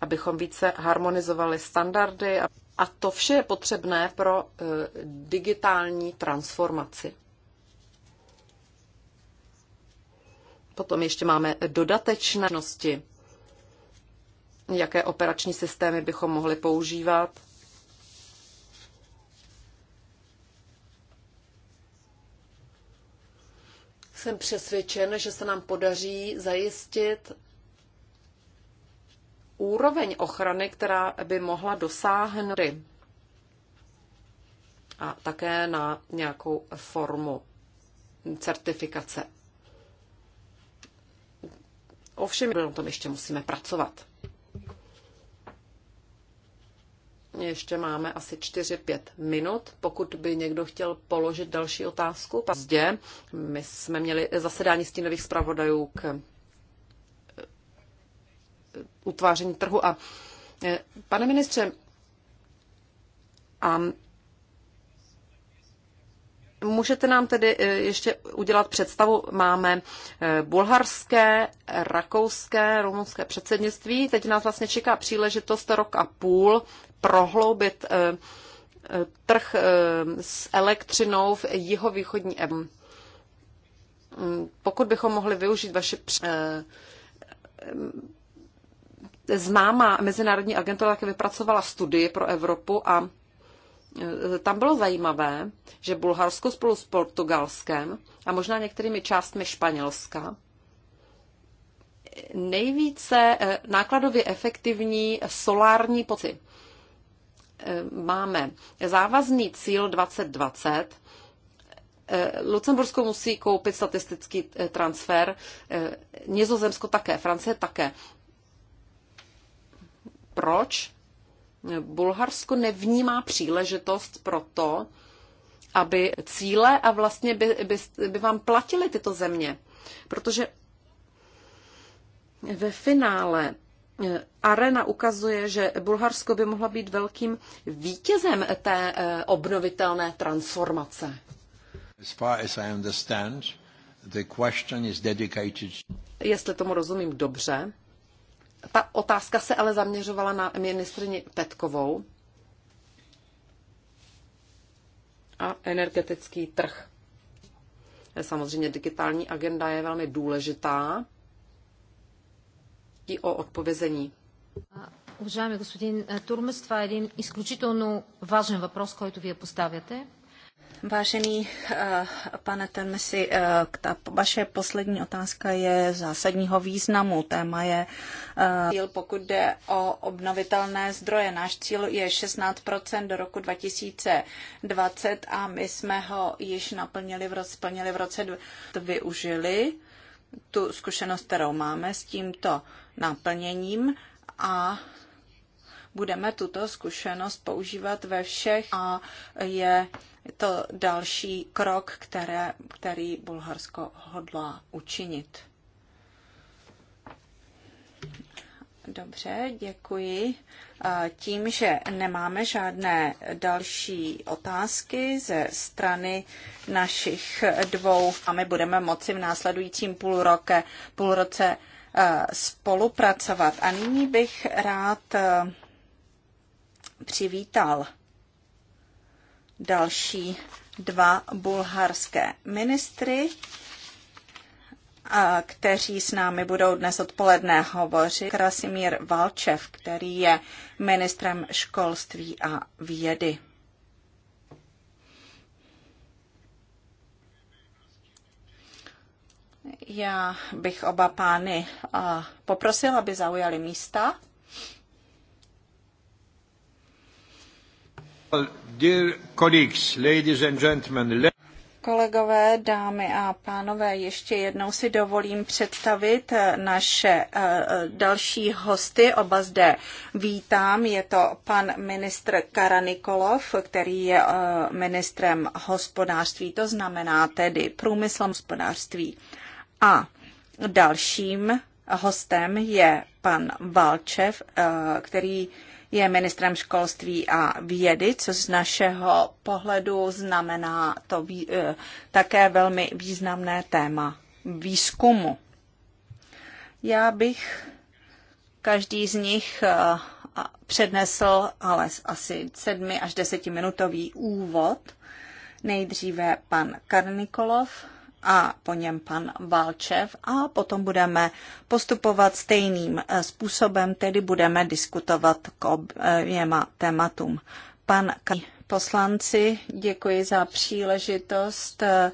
abychom více harmonizovali standardy. A... A to vše je potřebné pro e, digitální transformaci. Potom ještě máme dodatečnosti, jaké operační systémy bychom mohli používat. Jsem přesvědčen, že se nám podaří zajistit úroveň ochrany, která by mohla dosáhnout a také na nějakou formu certifikace. Ovšem, na tom ještě musíme pracovat. Ještě máme asi 4-5 minut. Pokud by někdo chtěl položit další otázku, pak zde my jsme měli zasedání stínových zpravodajů k utváření trhu. A eh, pane ministře, a Můžete nám tedy eh, ještě udělat představu, máme eh, bulharské, rakouské, rumunské předsednictví. Teď nás vlastně čeká příležitost rok a půl prohloubit trh s elektřinou v jihovýchodní M. Mm, pokud bychom mohli využít vaše známá mezinárodní agentura také vypracovala studii pro Evropu a e, tam bylo zajímavé, že Bulharsko spolu s Portugalskem a možná některými částmi Španělska nejvíce e, nákladově efektivní solární poci. E, máme závazný cíl 2020. Lucembursko musí koupit statistický transfer, Nizozemsko také, Francie také proč Bulharsko nevnímá příležitost pro to, aby cíle a vlastně by, by, by vám platily tyto země. Protože ve finále eh, Arena ukazuje, že Bulharsko by mohla být velkým vítězem té eh, obnovitelné transformace. As far as I understand, the question is dedicated... Jestli tomu rozumím dobře, ta otázka se ale zaměřovala na ministrině Petkovou a energetický trh. Samozřejmě digitální agenda je velmi důležitá. I o odpovězení. Уважаеми господин Турмес, това е един изключително важен въпрос, който вие поставяте. Vážený eh, pane Temesi, eh, ta vaše poslední otázka je zásadního významu. Téma je eh, pokud jde o obnovitelné zdroje. Náš cíl je 16 do roku 2020 a my jsme ho již naplnili v roce, splnili v roce, využili tu zkušenost, kterou máme s tímto naplněním a budeme tuto zkušenost používat ve všech a je to další krok, které, který Bulharsko hodlá učinit. Dobře, děkuji. Tím, že nemáme žádné další otázky ze strany našich dvou a my budeme moci v následujícím půl, roke, půl roce spolupracovat. A nyní bych rád přivítal další dva bulharské ministry, kteří s námi budou dnes odpoledne hovořit. Krasimír Valčev, který je ministrem školství a vědy. Já bych oba pány poprosil, aby zaujali místa. Kolegové, dámy a pánové, ještě jednou si dovolím představit eh, naše eh, další hosty. Oba zde vítám. Je to pan ministr Karanikolov, který je eh, ministrem hospodářství, to znamená tedy průmysl hospodářství. A dalším hostem je pan Valčev, který je ministrem školství a vědy, což z našeho pohledu znamená to vý, eh, také velmi významné téma výzkumu. Já bych každý z nich eh, přednesl ale asi sedmi až desetiminutový úvod. Nejdříve pan Karnikolov, a po něm pan Valčev a potom budeme postupovat stejným eh, způsobem, tedy budeme diskutovat k oběma tématům. Pan poslanci, děkuji za příležitost eh,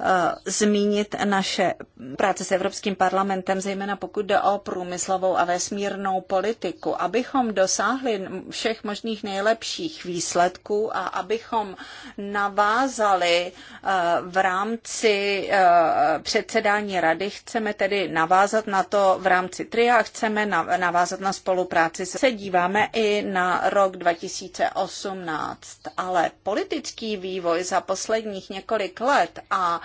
Eh, zmínit naše práce s Evropským parlamentem, zejména pokud jde o průmyslovou a vesmírnou politiku, abychom dosáhli všech možných nejlepších výsledků a abychom navázali eh, v rámci eh, předsedání rady, chceme tedy navázat na to v rámci TRIA, chceme navázat na spolupráci. Se díváme i na rok 2018, ale politický vývoj za posledních několik let a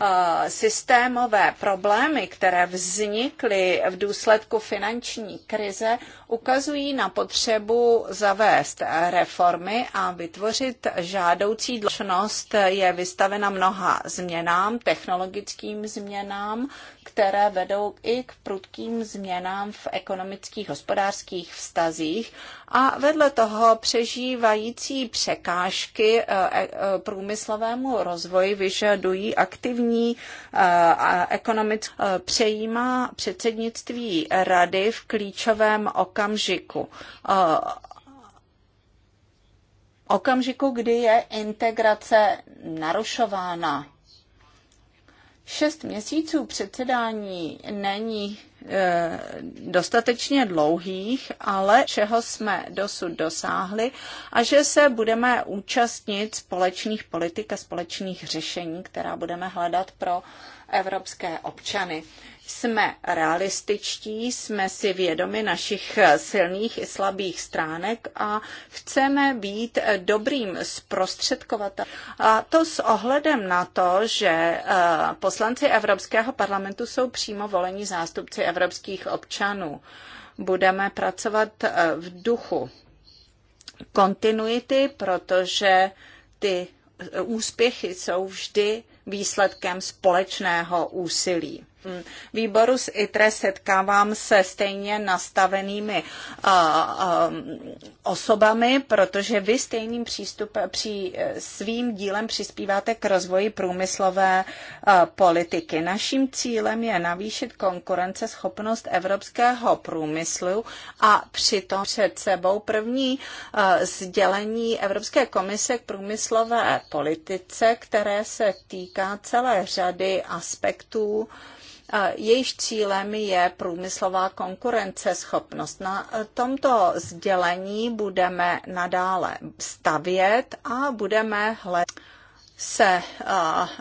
Eh, systémové problémy, které vznikly v důsledku finanční krize, ukazují na potřebu zavést reformy a vytvořit žádoucí dlužnost je vystavena mnoha změnám, technologickým změnám, které vedou i k prudkým změnám v ekonomických hospodářských vztazích a vedle toho přežívající překážky eh, eh, průmyslovému rozvoji vyžadují aktivní finanční eh, a ekonomické eh, přejímá předsednictví rady v klíčovém okamžiku eh, okamžiku, kdy je integrace narušována. Šest měsíců předsedání není E, dostatečně dlouhých, ale čeho jsme dosud dosáhli a že se budeme účastnit společných politik a společných řešení, která budeme hledat pro evropské občany jsme realističtí, jsme si vědomi našich silných i slabých stránek a chceme být dobrým zprostředkovatelem. A to s ohledem na to, že eh, poslanci Evropského parlamentu jsou přímo volení zástupci evropských občanů. Budeme pracovat eh, v duchu kontinuity, protože ty eh, úspěchy jsou vždy výsledkem společného úsilí. Mm, výboru z ITRE setkávám se stejně nastavenými eh, eh, osobami, protože vy stejným přístupem, při svým dílem přispíváte k rozvoji průmyslové eh, politiky. Naším cílem je navýšit konkurenceschopnost evropského průmyslu a přitom před sebou první sdělení Evropské komise k průmyslové politice, které se týká celé řady aspektů jejich cílem je průmyslová konkurenceschopnost. Na tomto sdělení budeme nadále stavět a budeme hledat se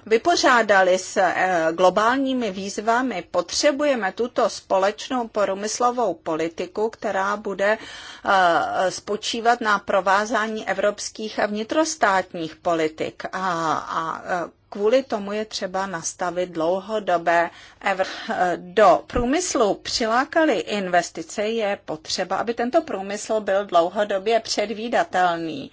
vypořádali s e, globálními výzvami, potřebujeme tuto společnou průmyslovou politiku, která bude e, spočívat na provázání evropských a vnitrostátních politik a, a e, kvůli tomu je třeba nastavit dlouhodobé evr. Do průmyslu přilákali investice, je potřeba, aby tento průmysl byl dlouhodobě předvídatelný.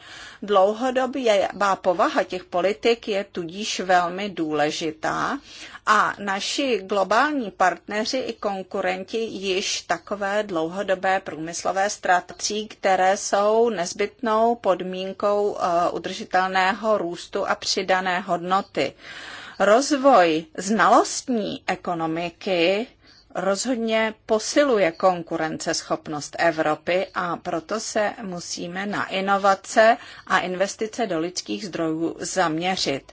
bá povaha těch politik je tudíž velmi důležitá a naši globální partneři i konkurenti již takové dlouhodobé průmyslové strategie, které jsou nezbytnou podmínkou eh, udržitelného růstu a přidané hodnoty. Rozvoj znalostní ekonomiky rozhodně posiluje konkurenceschopnost Evropy a proto se musíme na inovace a investice do lidských zdrojů zaměřit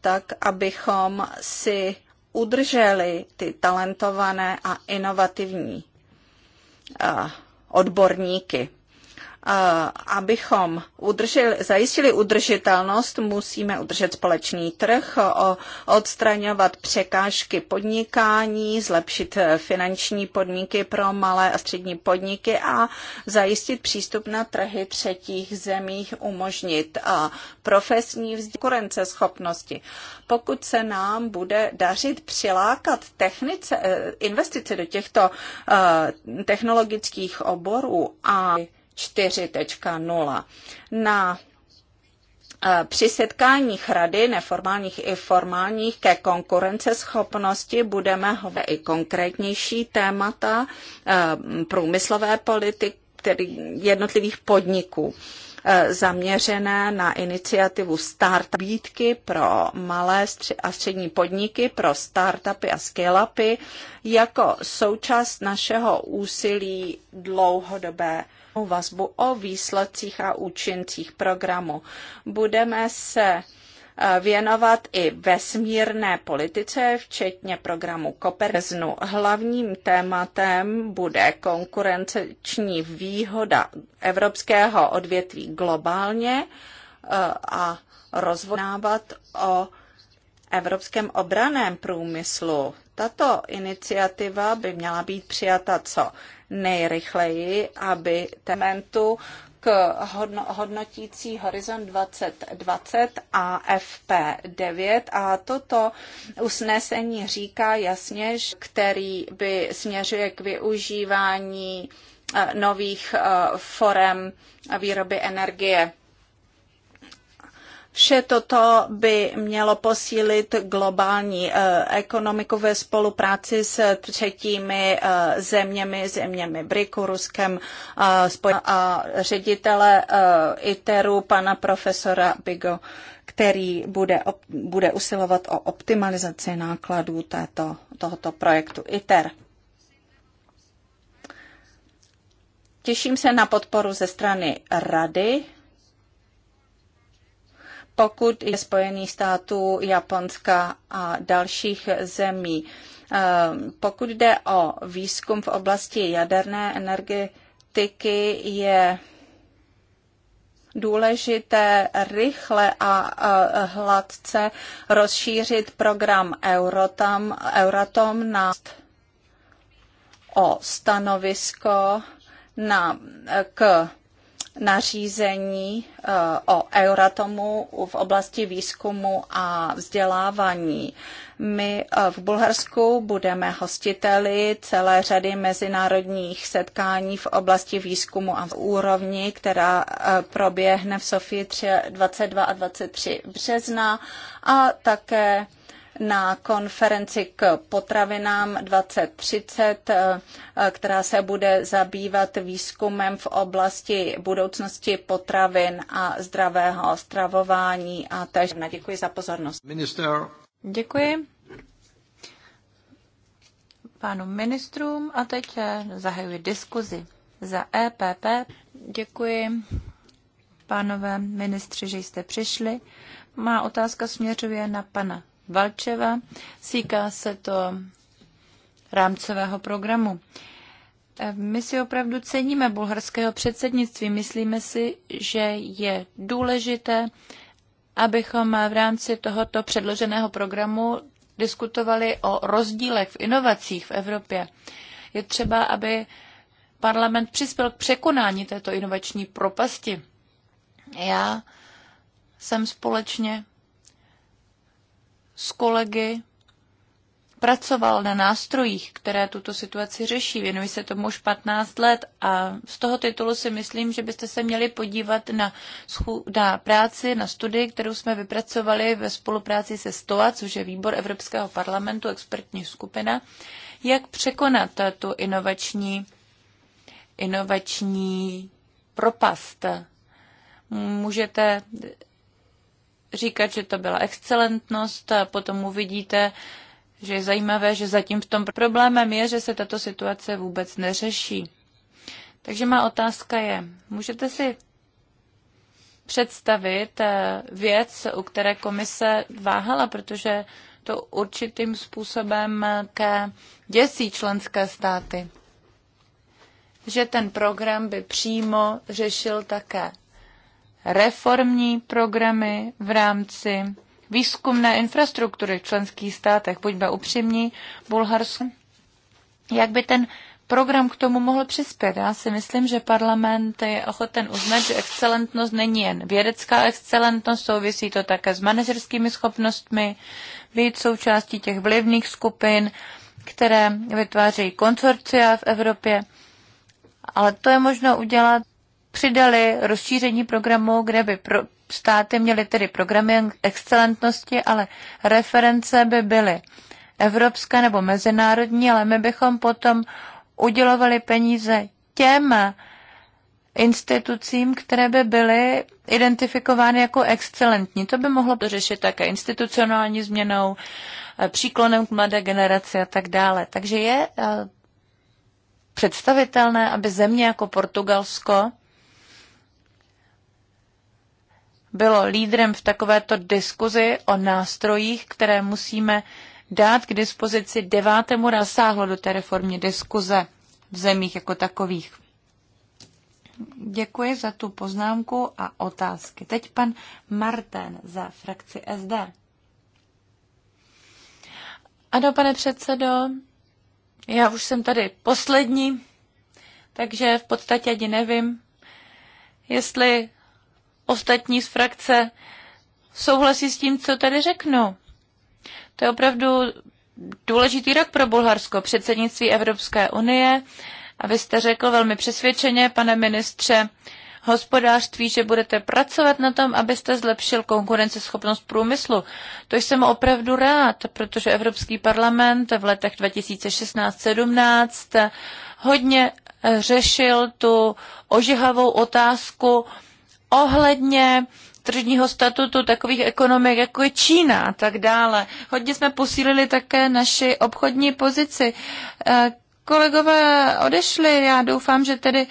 tak abychom si udrželi ty talentované a inovativní eh, odborníky abychom udržili, zajistili udržitelnost, musíme udržet společný trh, odstraňovat překážky podnikání, zlepšit eh, finanční podmínky pro malé a střední podniky a zajistit přístup na trhy třetích zemích, umožnit eh, profesní vzdělání, schopnosti. Pokud se nám bude dařit přilákat technice, eh, investice do těchto technologických oborů a 4.0. Na eh, při setkáních rady, neformálních i formálních, ke konkurenceschopnosti budeme hovořit i konkrétnější témata eh, průmyslové politiky, tedy jednotlivých podniků eh, zaměřené na iniciativu start Bítky pro malé a střední podniky, pro startupy a scale-upy jako součást našeho úsilí dlouhodobé vazbu o výsledcích a účincích programu. Budeme se eh, věnovat i vesmírné politice, včetně programu Koperznu. Hlavním tématem bude konkurenční výhoda evropského odvětví globálně eh, a rozvodnávat o evropském obraném průmyslu. Tato iniciativa by měla být přijata co nejrychleji, aby tementu k hodnotící Horizon 2020 a FP9 a toto usnesení říká jasně, který by směřuje k využívání eh, nových eh, forem výroby energie Vše toto by mělo posílit globální eh, ekonomiku ve spolupráci s třetími eh, zeměmi, zeměmi BRICu, Ruskem eh, a ředitele ITERu, pana profesora Bigo, který bude, bude usilovat o optimalizaci nákladů této, tohoto projektu ITER. Těším se na podporu ze strany Rady pokud je Spojených států, Japonska a dalších zemí. Ehm, pokud jde o výzkum v oblasti jaderné energetiky, je důležité rychle a e, hladce rozšířit program Eurotom, Euratom na o stanovisko na, k nařízení eh, o Euratomu v oblasti výzkumu a vzdělávání. My eh, v Bulharsku budeme hostiteli celé řady mezinárodních setkání v oblasti výzkumu a v úrovni, která eh, proběhne v Sofii 22 a 23 března a také na konferenci k potravinám 2030, eh, která se bude zabývat výzkumem v oblasti budoucnosti potravin a zdravého stravování. A tež děkuji za pozornost. Minister. Děkuji pánu ministrům a teď eh, zahajuji diskuzi za EPP. Děkuji, pánové ministři, že jste přišli. Má otázka směřuje na pana Valčeva. Týká se to rámcového programu. E, my si opravdu ceníme bulharského předsednictví. Myslíme si, že je důležité, abychom v rámci tohoto předloženého programu diskutovali o rozdílech v inovacích v Evropě. Je třeba, aby parlament přispěl k překonání této inovační propasti. Já jsem společně s kolegy pracoval na nástrojích, které tuto situaci řeší. Věnuji se tomu už 15 let a z toho titulu si myslím, že byste se měli podívat na, na práci, na studii, kterou jsme vypracovali ve spolupráci se STOA, což je výbor Evropského parlamentu, expertní skupina, jak překonat tu inovační, inovační propast. Můžete říkat, že to byla excelentnost a potom uvidíte, že je zajímavé, že zatím v tom problémem je, že se tato situace vůbec neřeší. Takže má otázka je, můžete si představit eh, věc, u které komise váhala, protože to určitým způsobem eh, ke děsí členské státy. Že ten program by přímo řešil také reformní programy v rámci výzkumné infrastruktury v členských státech. Buďme upřímní, Bulharsko. Jak by ten program k tomu mohl přispět? Já si myslím, že parlament je ochoten uznat, že excelentnost není jen vědecká excelentnost, souvisí to také s manažerskými schopnostmi, být součástí těch vlivných skupin, které vytvářejí konsorcia v Evropě. Ale to je možno udělat přidali rozšíření programu, kde by pro státy měly tedy programy excelentnosti, ale reference by byly evropské nebo mezinárodní, ale my bychom potom udělovali peníze těm institucím, které by byly identifikovány jako excelentní. To by mohlo řešit také institucionální změnou, eh, příklonem k mladé generaci a tak dále. Takže je eh, představitelné, aby země jako Portugalsko bylo lídrem v takovéto diskuzi o nástrojích, které musíme dát k dispozici devátému zasáhlo do té reformní diskuze v zemích jako takových. Děkuji za tu poznámku a otázky. Teď pan Martin za frakci SD. Ano, pane předsedo, já už jsem tady poslední, takže v podstatě ani nevím, jestli ostatní z frakce souhlasí s tím, co tady řeknu. To je opravdu důležitý rok pro Bulharsko, předsednictví Evropské unie. A vy jste řekl velmi přesvědčeně, pane ministře, hospodářství, že budete pracovat na tom, abyste zlepšil konkurenceschopnost průmyslu. To jsem opravdu rád, protože Evropský parlament v letech 2016-17 hodně řešil tu ožihavou otázku ohledně tržního statutu takových ekonomik, jako je Čína a tak dále. Hodně jsme posílili také naši obchodní pozici. Eh, kolegové odešli, já doufám, že tedy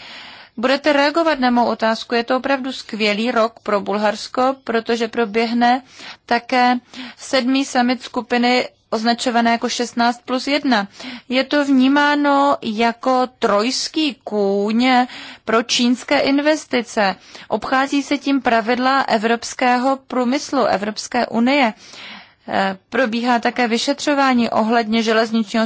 budete reagovat na mou otázku. Je to opravdu skvělý rok pro Bulharsko, protože proběhne také sedmý summit skupiny označované jako 16 plus 1. Je to vnímáno jako trojský kůň pro čínské investice. Obchází se tím pravidla evropského průmyslu, Evropské unie. Eh, probíhá také vyšetřování ohledně železničního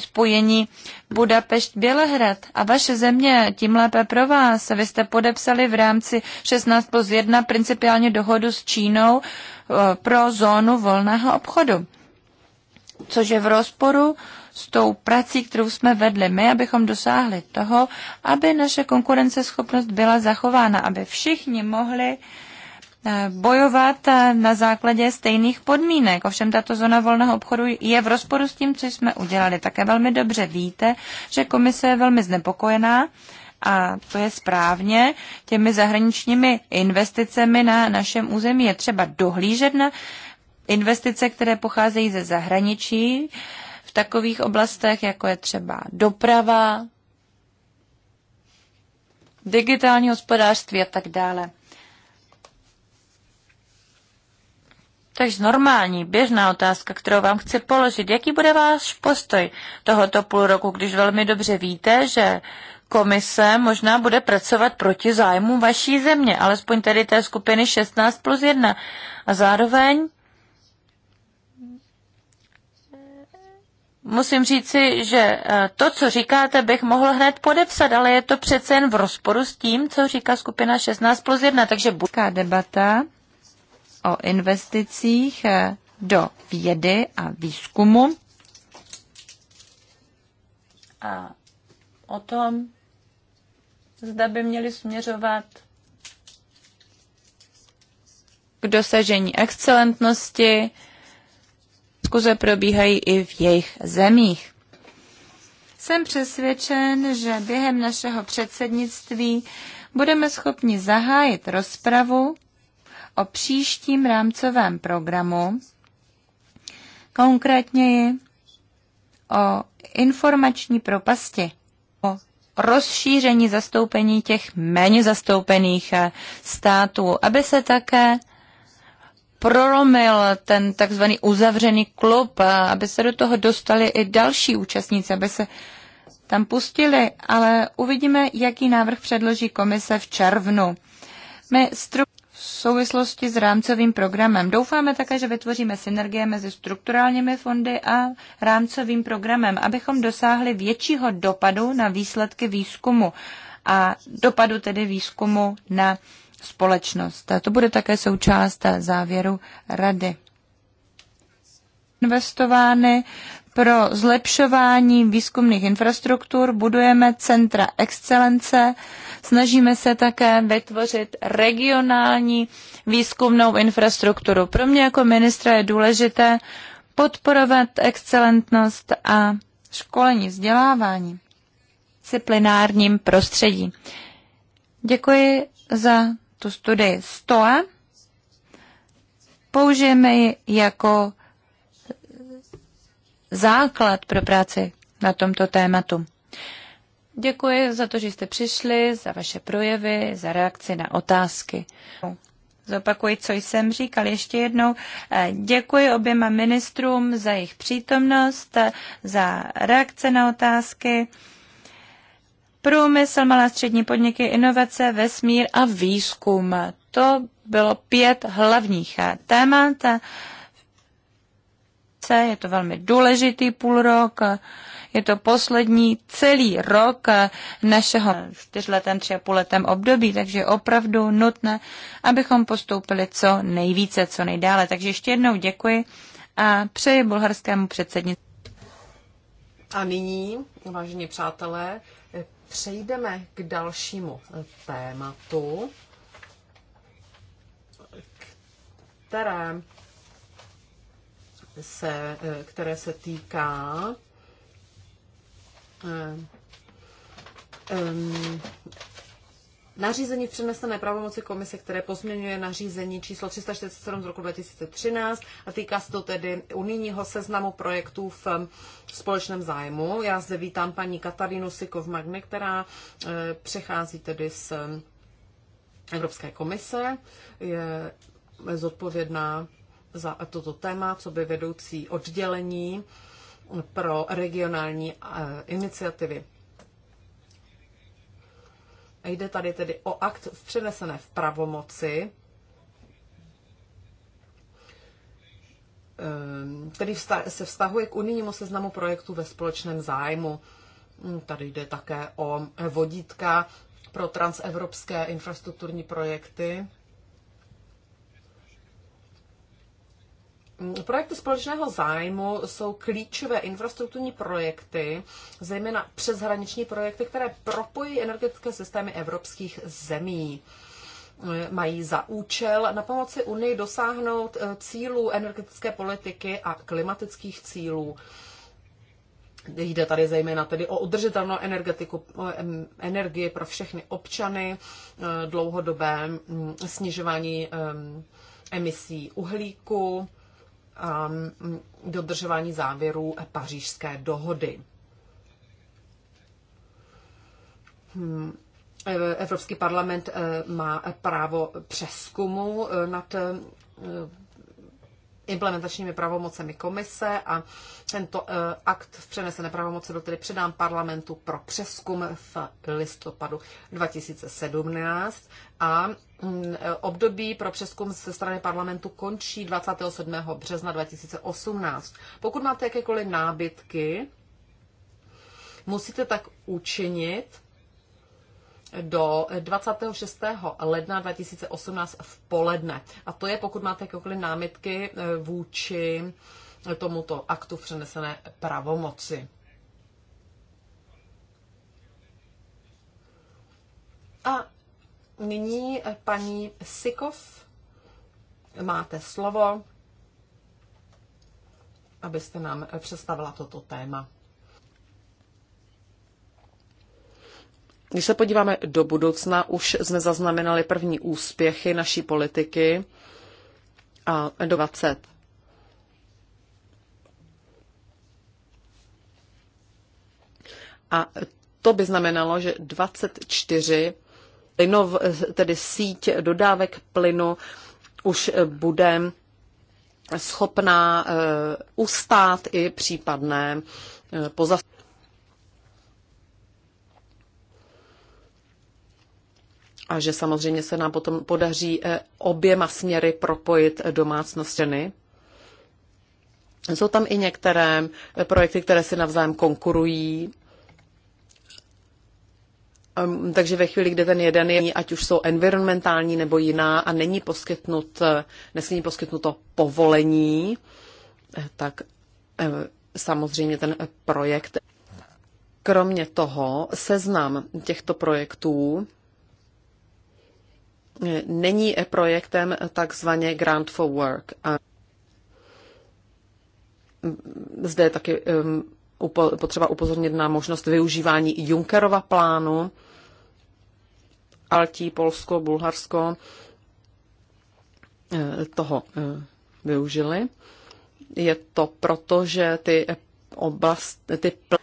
spojení Budapešť-Bělehrad. A vaše země, tím lépe pro vás, vy jste podepsali v rámci 16 plus 1 principiálně dohodu s Čínou eh, pro zónu volného obchodu což je v rozporu s tou prací, kterou jsme vedli my, abychom dosáhli toho, aby naše konkurenceschopnost byla zachována, aby všichni mohli eh, bojovat eh, na základě stejných podmínek. Ovšem tato zóna volného obchodu je v rozporu s tím, co jsme udělali. Také velmi dobře víte, že komise je velmi znepokojená a to je správně, těmi zahraničními investicemi na našem území je třeba dohlížet na investice, které pocházejí ze zahraničí v takových oblastech, jako je třeba doprava, digitální hospodářství a tak dále. Takže normální, běžná otázka, kterou vám chci položit. Jaký bude váš postoj tohoto půl roku, když velmi dobře víte, že komise možná bude pracovat proti zájmu vaší země, alespoň tedy té skupiny 16 plus 1. A zároveň Musím říci, že eh, to, co říkáte, bych mohl hned podepsat, ale je to přece jen v rozporu s tím, co říká skupina 16 plus 1. Takže budká debata o investicích eh, do vědy a výzkumu a o tom, zda by měli směřovat k dosažení excelentnosti, diskuze probíhají i v jejich zemích. Jsem přesvědčen, že během našeho předsednictví budeme schopni zahájit rozpravu o příštím rámcovém programu, konkrétněji o informační propasti, o rozšíření zastoupení těch méně zastoupených států, aby se také prolomil ten takzvaný uzavřený klub, aby se do toho dostali i další účastníci, aby se tam pustili, ale uvidíme, jaký návrh předloží komise v červnu. My stru... v souvislosti s rámcovým programem. Doufáme také, že vytvoříme synergie mezi strukturálními fondy a rámcovým programem, abychom dosáhli většího dopadu na výsledky výzkumu a dopadu tedy výzkumu na uh, společnost. To bude také součást závěru rady. Investovány pro zlepšování výzkumných infrastruktur budujeme centra excelence, snažíme se také vytvořit regionální výzkumnou infrastrukturu. Pro mě jako ministra je důležité podporovat excelentnost a školení, vzdělávání disciplinárním prostředí. Děkuji za tu studii STOA, použijeme ji jako základ pro práci na tomto tématu. Děkuji za to, že jste přišli, za vaše projevy, za reakci na otázky. Zopakuji, co jsem říkal ještě jednou. Děkuji oběma ministrům za jejich přítomnost, za reakce na otázky. Průmysl, malé střední podniky, inovace, vesmír a výzkum. To bylo pět hlavních témat. Je to velmi důležitý půl rok. Je to poslední celý rok našeho čtyřletém, tři a půl letem období, takže je opravdu nutné, abychom postoupili co nejvíce, co nejdále. Takže ještě jednou děkuji a přeji bulharskému předsednictví. A nyní, vážení přátelé, přejdeme k dalšímu tématu, které se, které se týká eh, nařízení v přenesené pravomoci komise, které pozměňuje nařízení číslo 347 z roku 2013 a týká se to tedy unijního seznamu projektů v eh, společném zájmu. Já zde vítám paní Katarínu Sikov Magne, která eh, přechází tedy z eh, Evropské komise, je zodpovědná za toto téma, co by vedoucí oddělení pro regionální iniciativy. Jde tady tedy o akt v přenesené v pravomoci, který ehm, se vztahuje k unijnímu seznamu projektu ve společném zájmu. Hm, tady jde také o vodítka pro transevropské infrastrukturní projekty. projektu společného zájmu jsou klíčové infrastrukturní projekty, zejména přeshraniční projekty, které propojí energetické systémy evropských zemí. Mají za účel na pomoci Unii dosáhnout eh, cílů energetické politiky a klimatických cílů. Jde tady zejména tedy o udržitelnou energetiku, energii pro všechny občany, eh, dlouhodobé mm, snižování emisí uhlíku, Um, dodržování závěrů pařížské dohody. Hmm. Evropský parlament eh, má právo přeskumu eh, nad eh, implementačními pravomocemi komise a tento eh, akt v přenesené pravomoci byl tedy předán parlamentu pro přeskum v listopadu 2017 a mm, eh, období pro přeskum ze strany parlamentu končí 27. března 2018. Pokud máte jakékoliv nábytky, musíte tak učinit do 26. ledna 2018 v poledne. A to je, pokud máte jakékoliv námitky eh, vůči tomuto aktu přenesené pravomoci. A nyní eh, paní Sikov, máte slovo, abyste nám eh, představila toto téma. Když se podíváme do budoucna, už jsme zaznamenali první úspěchy naší politiky a 20. A to by znamenalo, že 24 plynov, tedy síť dodávek plynu už bude schopná eh, ustát i případné eh, pozastavení. a že samozřejmě se nám potom podaří eh, oběma směry propojit domácnosti. Jsou tam i některé eh, projekty, které si navzájem konkurují. Ehm, takže ve chvíli, kdy ten jeden je, ať už jsou environmentální nebo jiná a není poskytnut, eh, nesmí poskytnuto povolení, tak samozřejmě ten projekt. Kromě toho seznam těchto projektů není projektem takzvaně Grant for Work. A zde je taky um, potřeba upozornit na možnost využívání Junckerova plánu. Altí, Polsko, Bulharsko eh, toho eh, využili. Je to proto, že ty oblast, ty pl-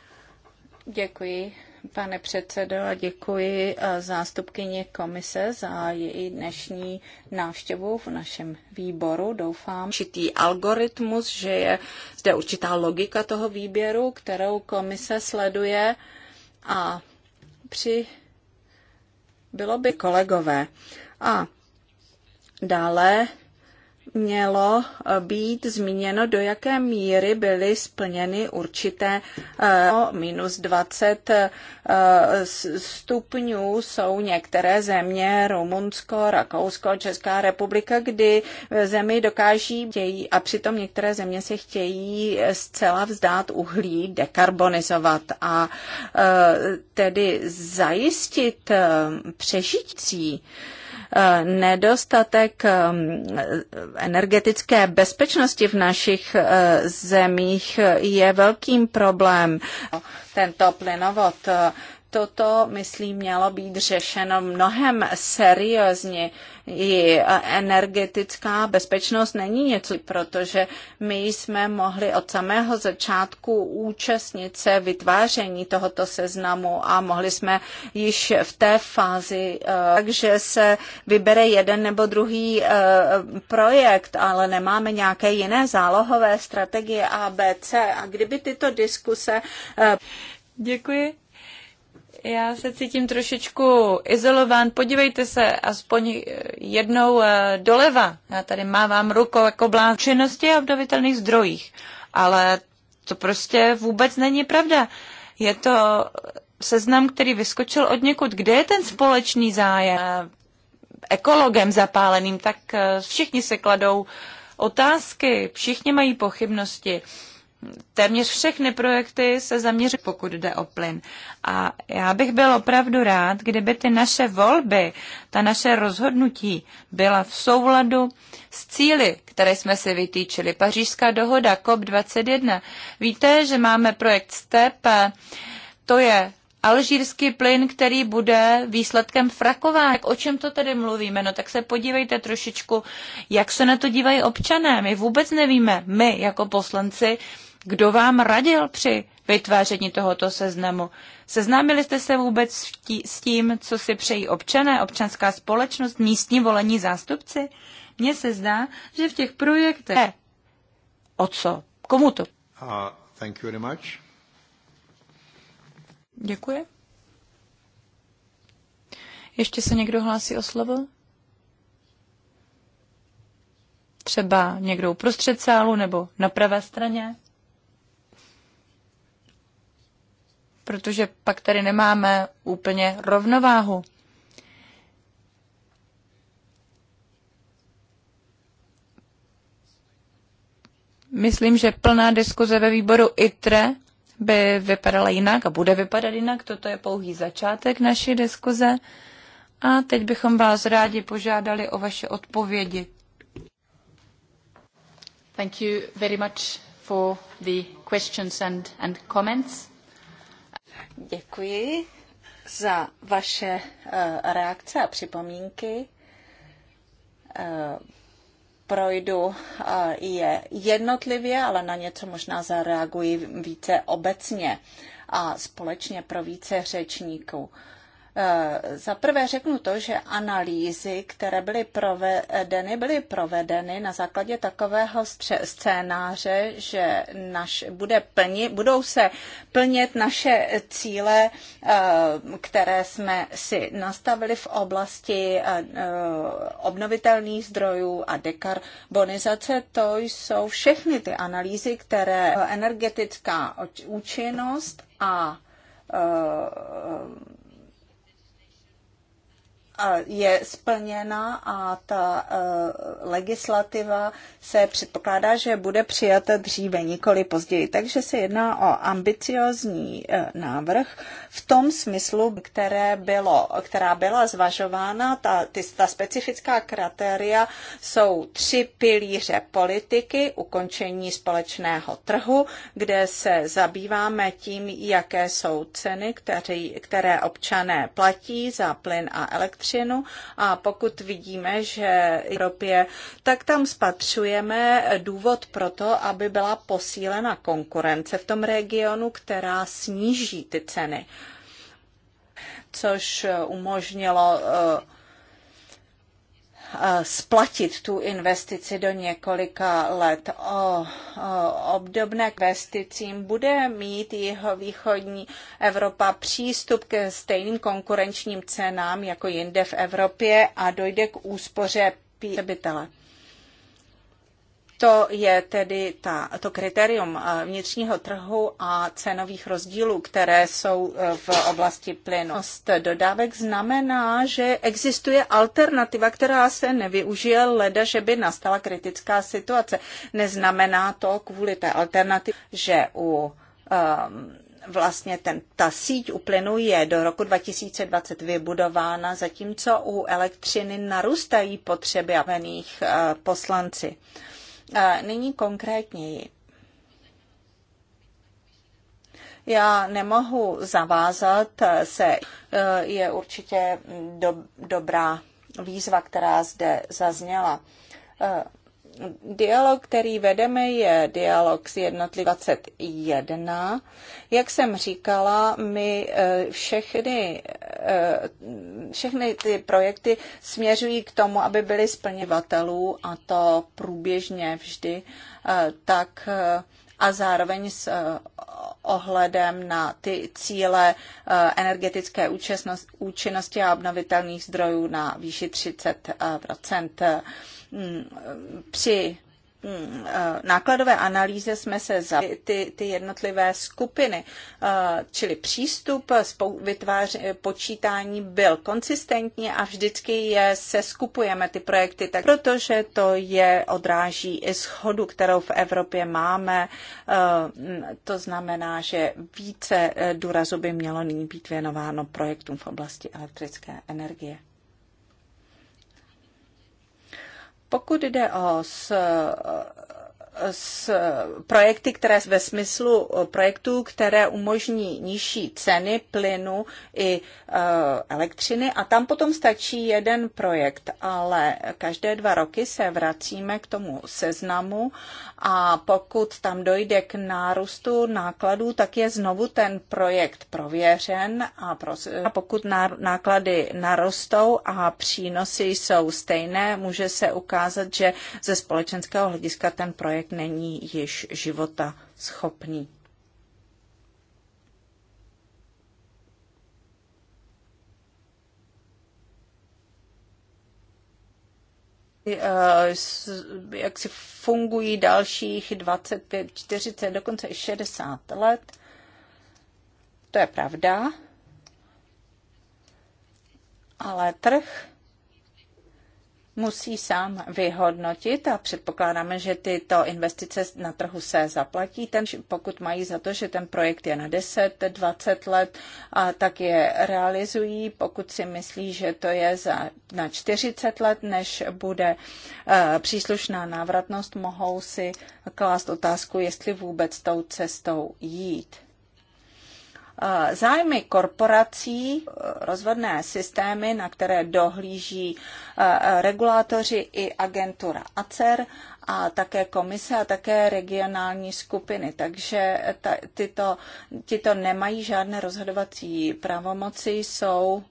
Děkuji pane předsedo, a děkuji eh, zástupkyně komise za její dnešní návštěvu v našem výboru. Doufám, určitý algoritmus, že je zde určitá logika toho výběru, kterou komise sleduje a při bylo by kolegové. A dále mělo eh, být zmíněno, do jaké míry byly splněny určité eh, minus 20 eh, stupňů. Jsou některé země, Rumunsko, Rakousko, Česká republika, kdy zemi dokáží dějí a přitom některé země se chtějí zcela vzdát uhlí, dekarbonizovat a tedy zajistit přežití Eh, nedostatek eh, energetické bezpečnosti v našich eh, zemích je velkým problém. Tento plynovod toto, myslím, mělo být řešeno mnohem seriózně. I energetická bezpečnost není něco, protože my jsme mohli od samého začátku účastnit se vytváření tohoto seznamu a mohli jsme již v té fázi, eh, takže se vybere jeden nebo druhý eh, projekt, ale nemáme nějaké jiné zálohové strategie ABC. A kdyby tyto diskuse. Eh, Děkuji. Já se cítím trošičku izolován. Podívejte se aspoň jednou eh, doleva. Já tady mávám rukou jako blán činnosti a obnovitelných zdrojích. Ale to prostě vůbec není pravda. Je to seznam, který vyskočil od někud. Kde je ten společný zájem? Eh, ekologem zapáleným, tak eh, všichni se kladou otázky, všichni mají pochybnosti téměř všechny projekty se zaměří, pokud jde o plyn. A já bych byl opravdu rád, kdyby ty naše volby, ta naše rozhodnutí byla v souladu s cíly, které jsme si vytýčili. Pařížská dohoda COP21. Víte, že máme projekt STEP, to je alžírský plyn, který bude výsledkem frakování. Tak o čem to tedy mluvíme? No tak se podívejte trošičku, jak se na to dívají občané. My vůbec nevíme, my jako poslanci, kdo vám radil při vytváření tohoto seznamu? Seznámili jste se vůbec s tím, co si přejí občané, občanská společnost, místní volení zástupci? Mně se zdá, že v těch projektech je. O co? Komu to? Uh, thank you very much. Děkuji. Ještě se někdo hlásí o slovo? Třeba někdo uprostřed sálu nebo na pravé straně? protože pak tady nemáme úplně rovnováhu. Myslím, že plná diskuze ve výboru ITRE by vypadala jinak a bude vypadat jinak. Toto je pouhý začátek naší diskuze. A teď bychom vás rádi požádali o vaše odpovědi. Thank you very much for the questions and, and comments. Děkuji za vaše eh, reakce a připomínky. Eh, projdu eh, je jednotlivě, ale na něco možná zareaguji více obecně a společně pro více řečníků. Eh, za prvé řeknu to, že analýzy, které byly provedeny, byly provedeny na základě takového scénáře, že naš, bude plni, budou se plnit naše cíle, eh, které jsme si nastavili v oblasti eh, obnovitelných zdrojů a dekarbonizace. To jsou všechny ty analýzy, které energetická účinnost a je splněna a ta e, legislativa se předpokládá, že bude přijata dříve, nikoli později. Takže se jedná o ambiciozní e, návrh v tom smyslu, které bylo, která byla zvažována. Ta, ty, ta specifická kritéria jsou tři pilíře politiky, ukončení společného trhu, kde se zabýváme tím, jaké jsou ceny, které, které občané platí za plyn a elektřinu elektřinu a pokud vidíme, že Evropě, tak tam spatřujeme důvod pro to, aby byla posílena konkurence v tom regionu, která sníží ty ceny což umožnilo eh, Eh, splatit tu investici do několika let. O, o obdobné investicím bude mít jeho východní Evropa přístup ke stejným konkurenčním cenám jako jinde v Evropě a dojde k úspoře spotřebitele. To je tedy ta, to kritérium eh, vnitřního trhu a cenových rozdílů, které jsou eh, v oblasti plynost dodávek, znamená, že existuje alternativa, která se nevyužije leda, že by nastala kritická situace. Neznamená to kvůli té alternativě, že u um, vlastně ten, ta síť u plynu je do roku 2020 vybudována, zatímco u elektřiny narůstají potřeby avených uh, eh, poslanci. Uh, a nyní konkrétněji. Já nemohu zavázat se, eh, je určitě do, dobrá výzva, která zde zazněla. Eh, Dialog, který vedeme, je dialog s 21. Jak jsem říkala, my eh, všechny, eh, všechny ty projekty směřují k tomu, aby byly splněvatelů a to průběžně vždy eh, tak a zároveň s ohledem na ty cíle energetické účinnosti a obnovitelných zdrojů na výši 30 Mm, při mm, eh, nákladové analýze jsme se za ty, ty jednotlivé skupiny, eh, čili přístup eh, vytvář, počítání byl konsistentní a vždycky je se skupujeme ty projekty, tak protože to je odráží i schodu, kterou v Evropě máme. Mm, to znamená, že více důrazu by mělo nyní být věnováno projektům v oblasti elektrické energie. Pokud jde o s projekty, které ve smyslu eh, projektů, které umožní nižší ceny plynu i eh, elektřiny a tam potom stačí jeden projekt, ale každé dva roky se vracíme k tomu seznamu a pokud tam dojde k nárůstu nákladů, tak je znovu ten projekt prověřen a, pokud náklady narostou a přínosy jsou stejné, může se ukázat, že ze společenského hlediska ten projekt člověk není již života schopný. Eh, jak si fungují dalších 25, 40, dokonce i 60 let. To je pravda. Ale trh musí sám vyhodnotit a předpokládáme, že tyto investice na trhu se zaplatí. Ten, pokud mají za to, že ten projekt je na 10, 20 let, a tak je realizují. Pokud si myslí, že to je za, na 40 let, než bude e, příslušná návratnost, mohou si klást otázku, jestli vůbec tou cestou jít. Zájmy korporací, e, rozvodné systémy, na které dohlíží e, regulátoři i agentura ACER a také komise a také regionální skupiny. Takže tyto, tyto nemají žádné rozhodovací pravomoci, jsou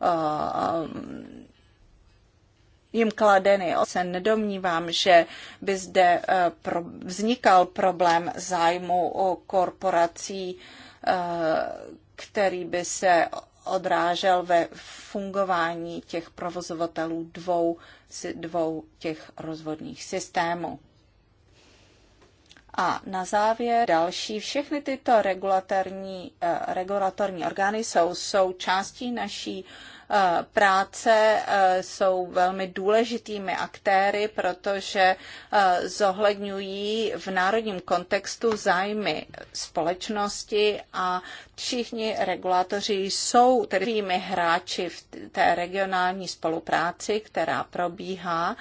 e, jim kladeny. Se nedomnívám, že by zde vznikal problém zájmu korporací Eh, který by se odrážel ve fungování těch provozovatelů dvou, dvou těch rozvodných systémů. A na závěr další, všechny tyto regulatorní, eh, regulatorní orgány jsou součástí naší Eh, práce eh, jsou velmi důležitými aktéry, protože eh, zohledňují v národním kontextu zájmy společnosti a všichni regulátoři jsou tedy hráči v té regionální spolupráci, která probíhá.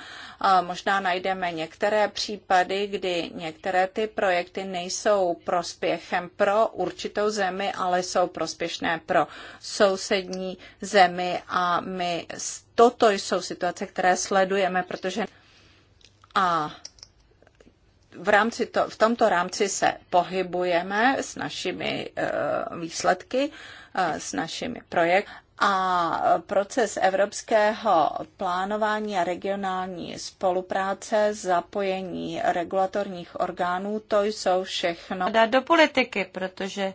Možná najdeme některé případy, kdy některé ty projekty nejsou prospěchem pro určitou zemi, ale jsou prospěšné pro sousední zemi a my toto jsou situace, které sledujeme, protože a v, rámci to, v tomto rámci se pohybujeme s našimi uh, výsledky, uh, s našimi projekty a proces evropského plánování a regionální spolupráce, zapojení regulatorních orgánů, to jsou všechno. Dát do politiky, protože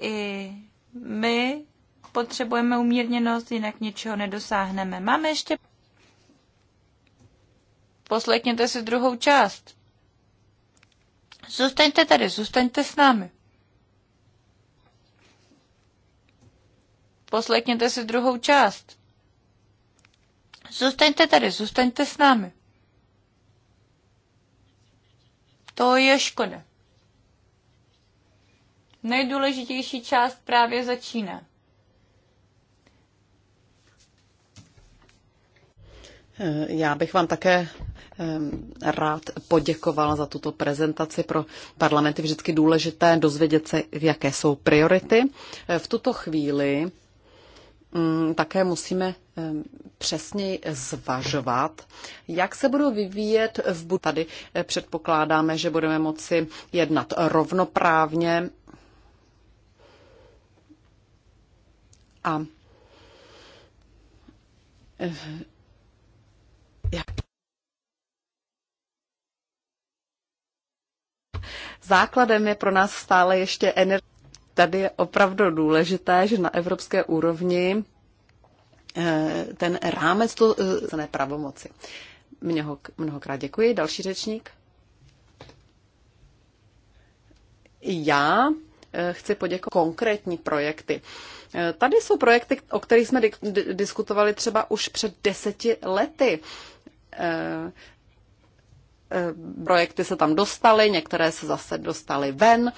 i my potřebujeme umírněnost, jinak něčeho nedosáhneme. Máme ještě... Poslechněte si druhou část. Zůstaňte tady, zůstaňte s námi. Poslechněte si druhou část. Zůstaňte tady, zůstaňte s námi. To je škoda. Nejdůležitější část právě začíná. Já bych vám také eh, rád poděkovala za tuto prezentaci. Pro parlamenty vždycky důležité dozvědět se, jaké jsou priority. Eh, v tuto chvíli mm, také musíme eh, přesněji zvažovat, jak se budou vyvíjet v Tady předpokládáme, že budeme moci jednat rovnoprávně A Základem je pro nás stále ještě energie. Tady je opravdu důležité, že na evropské úrovni eh, ten rámec to eh, ne pravomoci. Mnoho, mnohokrát děkuji. Další řečník. Já eh, chci poděkovat konkrétní projekty. Tady jsou projekty, o kterých jsme diskutovali třeba už před deseti lety eh, eh, projekty se tam dostaly, některé se zase dostaly ven.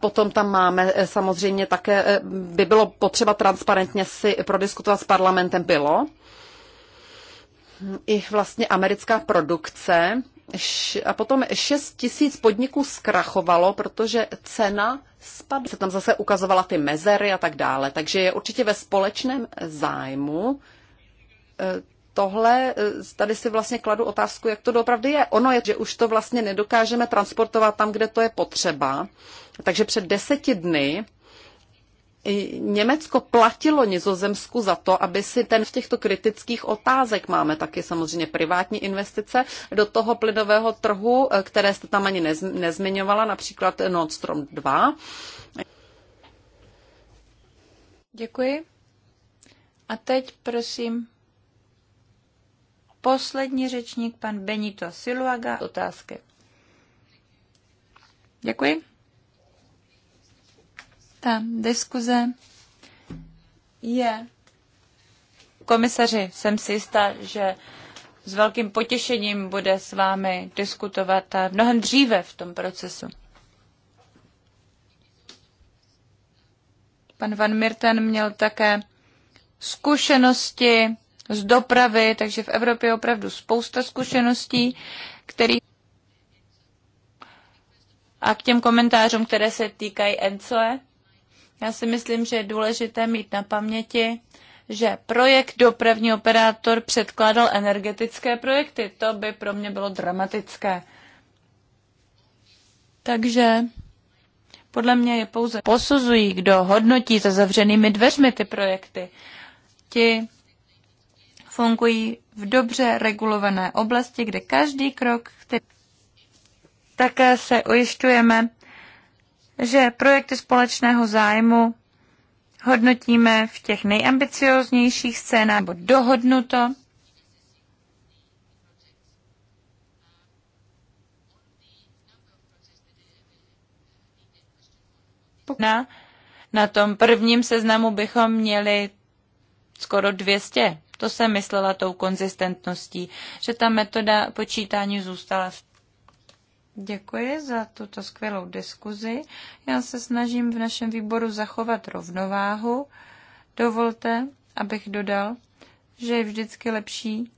Potom tam máme eh, samozřejmě také, by bylo potřeba transparentně si prodiskutovat s parlamentem bylo. I vlastně americká produkce a potom 6 tisíc podniků zkrachovalo, protože cena spadla. Se tam zase ukazovala ty mezery a tak dále. Takže je určitě ve společném eh, zájmu eh, tohle, eh, tady si vlastně kladu otázku, jak to doopravdy je. Ono je, že už to vlastně nedokážeme transportovat tam, kde to je potřeba. Takže před deseti dny Německo platilo Nizozemsku za to, aby si ten v těchto kritických otázek máme taky samozřejmě privátní investice do toho plynového trhu, eh, které jste tam ani nez, nezmiňovala, například Nord Stream 2. Děkuji. A teď prosím poslední řečník, pan Benito Siluaga, otázky. Děkuji ta diskuze je. Komisaři, jsem si jistá, že s velkým potěšením bude s vámi diskutovat a mnohem dříve v tom procesu. Pan Van Mirten měl také zkušenosti z dopravy, takže v Evropě je opravdu spousta zkušeností, který a k těm komentářům, které se týkají ENCOE, já si myslím, že je důležité mít na paměti, že projekt dopravní operátor předkládal energetické projekty. To by pro mě bylo dramatické. Takže podle mě je pouze posuzují, kdo hodnotí za zavřenými dveřmi ty projekty. Ti fungují v dobře regulované oblasti, kde každý krok, který také se ujišťujeme, že projekty společného zájmu hodnotíme v těch nejambicioznějších scénách, nebo dohodnuto. Na, na tom prvním seznamu bychom měli skoro 200. To jsem myslela tou konzistentností, že ta metoda počítání zůstala v Děkuji za tuto skvělou diskuzi. Já se snažím v našem výboru zachovat rovnováhu. Dovolte, abych dodal, že je vždycky lepší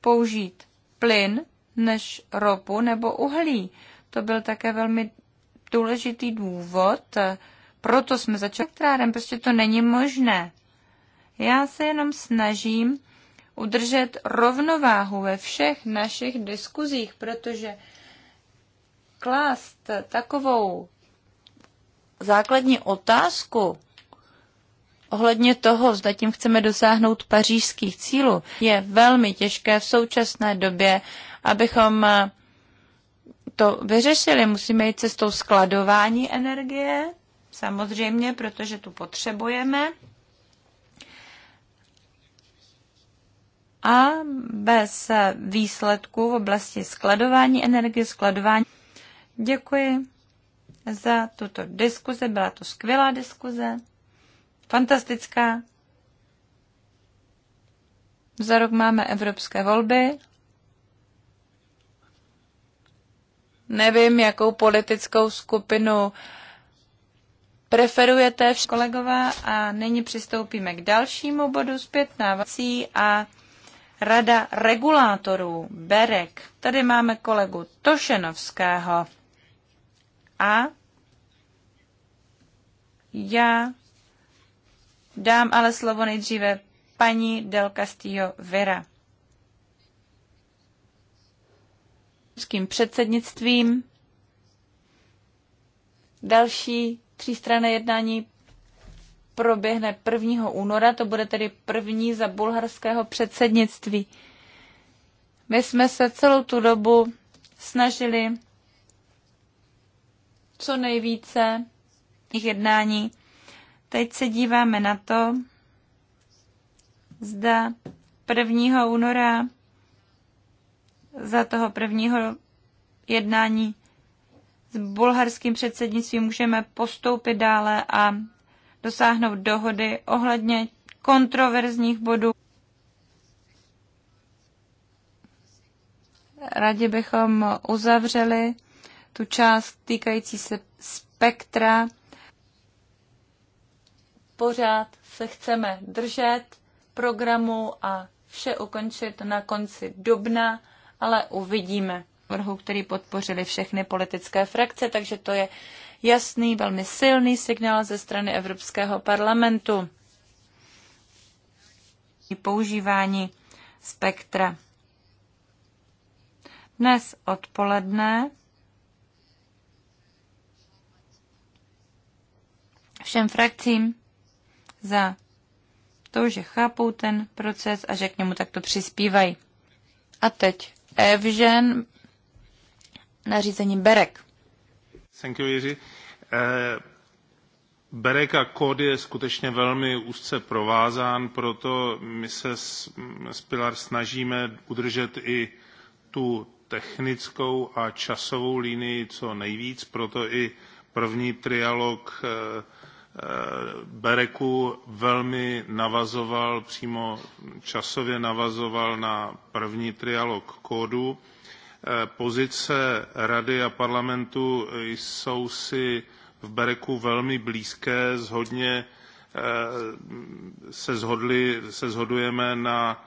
použít plyn než ropu nebo uhlí. To byl také velmi důležitý důvod, proto jsme začali elektrárem, prostě to není možné. Já se jenom snažím udržet rovnováhu ve všech našich diskuzích, protože klást takovou základní otázku ohledně toho, zda tím chceme dosáhnout pařížských cílů, je velmi těžké v současné době, abychom to vyřešili. Musíme jít cestou skladování energie, samozřejmě, protože tu potřebujeme. A bez výsledků v oblasti skladování energie, skladování Děkuji za tuto diskuzi. Byla to skvělá diskuze, fantastická. Za rok máme evropské volby. Nevím, jakou politickou skupinu preferujete, kolegové, a nyní přistoupíme k dalšímu bodu zpětná vací a Rada regulátorů BEREK. Tady máme kolegu Tošenovského. A já dám ale slovo nejdříve paní Del Castillo Vera. předsednictvím. Další třístranné jednání proběhne 1. února, to bude tedy první za bulharského předsednictví. My jsme se celou tu dobu snažili co nejvíce jejich jednání. Teď se díváme na to, zda 1. února za toho prvního jednání s bulharským předsednictvím můžeme postoupit dále a dosáhnout dohody ohledně kontroverzních bodů. Rádi bychom uzavřeli tu část týkající se spektra. Pořád se chceme držet programu a vše ukončit na konci dubna, ale uvidíme. Vrhu, který podpořili všechny politické frakce, takže to je jasný, velmi silný signál ze strany Evropského parlamentu. Používání spektra. Dnes odpoledne všem frakcím za to, že chápou ten proces a že k němu takto přispívají. A teď Evžen, řízení Berek. Thank you, Jiří. Eh, Berek a kód je skutečně velmi úzce provázán, proto my se s, s Pilar snažíme udržet i tu technickou a časovou linii co nejvíc, proto i první trialog eh, Eh, Bereku velmi navazoval, přímo časově navazoval na první trialog kódu. Eh, pozice Rady a parlamentu jsou si v Bereku velmi blízké, zhodně eh, se, zhodli, se zhodujeme na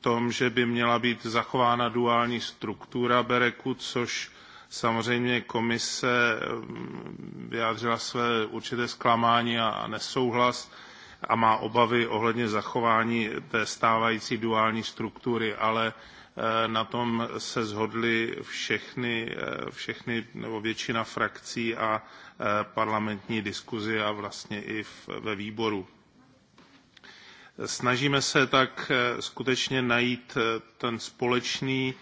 tom, že by měla být zachována duální struktura Bereku, což Samozřejmě komise mm, vyjádřila své určité zklamání a nesouhlas a má obavy ohledně zachování té stávající duální struktury, ale e, na tom se shodly všechny, e, všechny nebo většina frakcí a e, parlamentní diskuzi a vlastně i v, ve výboru. Snažíme se tak skutečně najít ten společný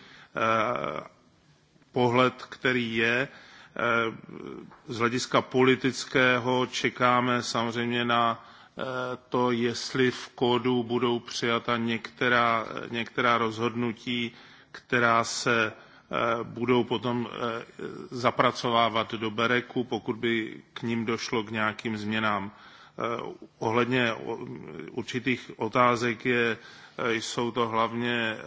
pohled, který je. Eh, z hlediska politického čekáme samozřejmě na eh, to, jestli v kódu budou přijata některá, eh, některá rozhodnutí, která se budou potom zapracovávat do Bereku, pokud by k ním došlo k nějakým změnám. Eh, ohledně určitých otázek je, eh, jsou to hlavně eh,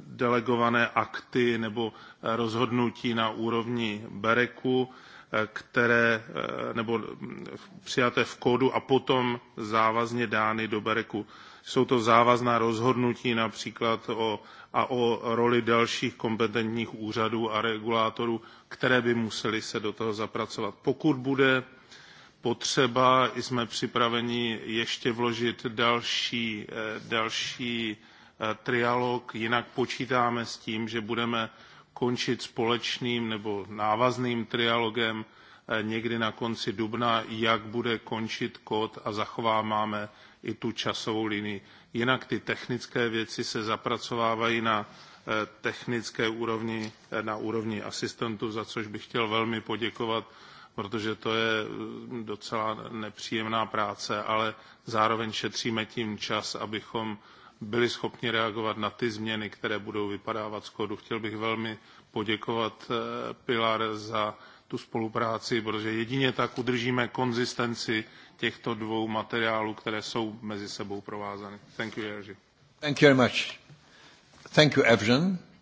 delegované akty nebo rozhodnutí na úrovni Bereku, které, nebo mm, přijaté v kódu a potom závazně dány do Bereku. Jsou to závazná rozhodnutí například o, a o roli dalších kompetentních úřadů a regulátorů, které by museli se do toho zapracovat. Pokud bude potřeba, jsme připraveni ještě vložit další, eh, další eh, trialog, jinak počítáme s tím, že budeme končit společným nebo návazným trialogem eh, někdy na konci dubna, jak bude končit kód a zachováváme i tu časovou linii. Jinak ty technické věci se zapracovávají na technické úrovni, na úrovni asistentů, za což bych chtěl velmi poděkovat protože to je mm, docela nepříjemná práce, ale zároveň šetříme tím čas, abychom byli schopni reagovat na ty změny, které budou vypadávat z kódu. Chtěl bych velmi poděkovat eh, Pilar za tu spolupráci, protože jedině tak udržíme konzistenci těchto dvou materiálů, které jsou mezi sebou provázány. Thank you, Jerzy. Thank you very much. Thank you, Evgen.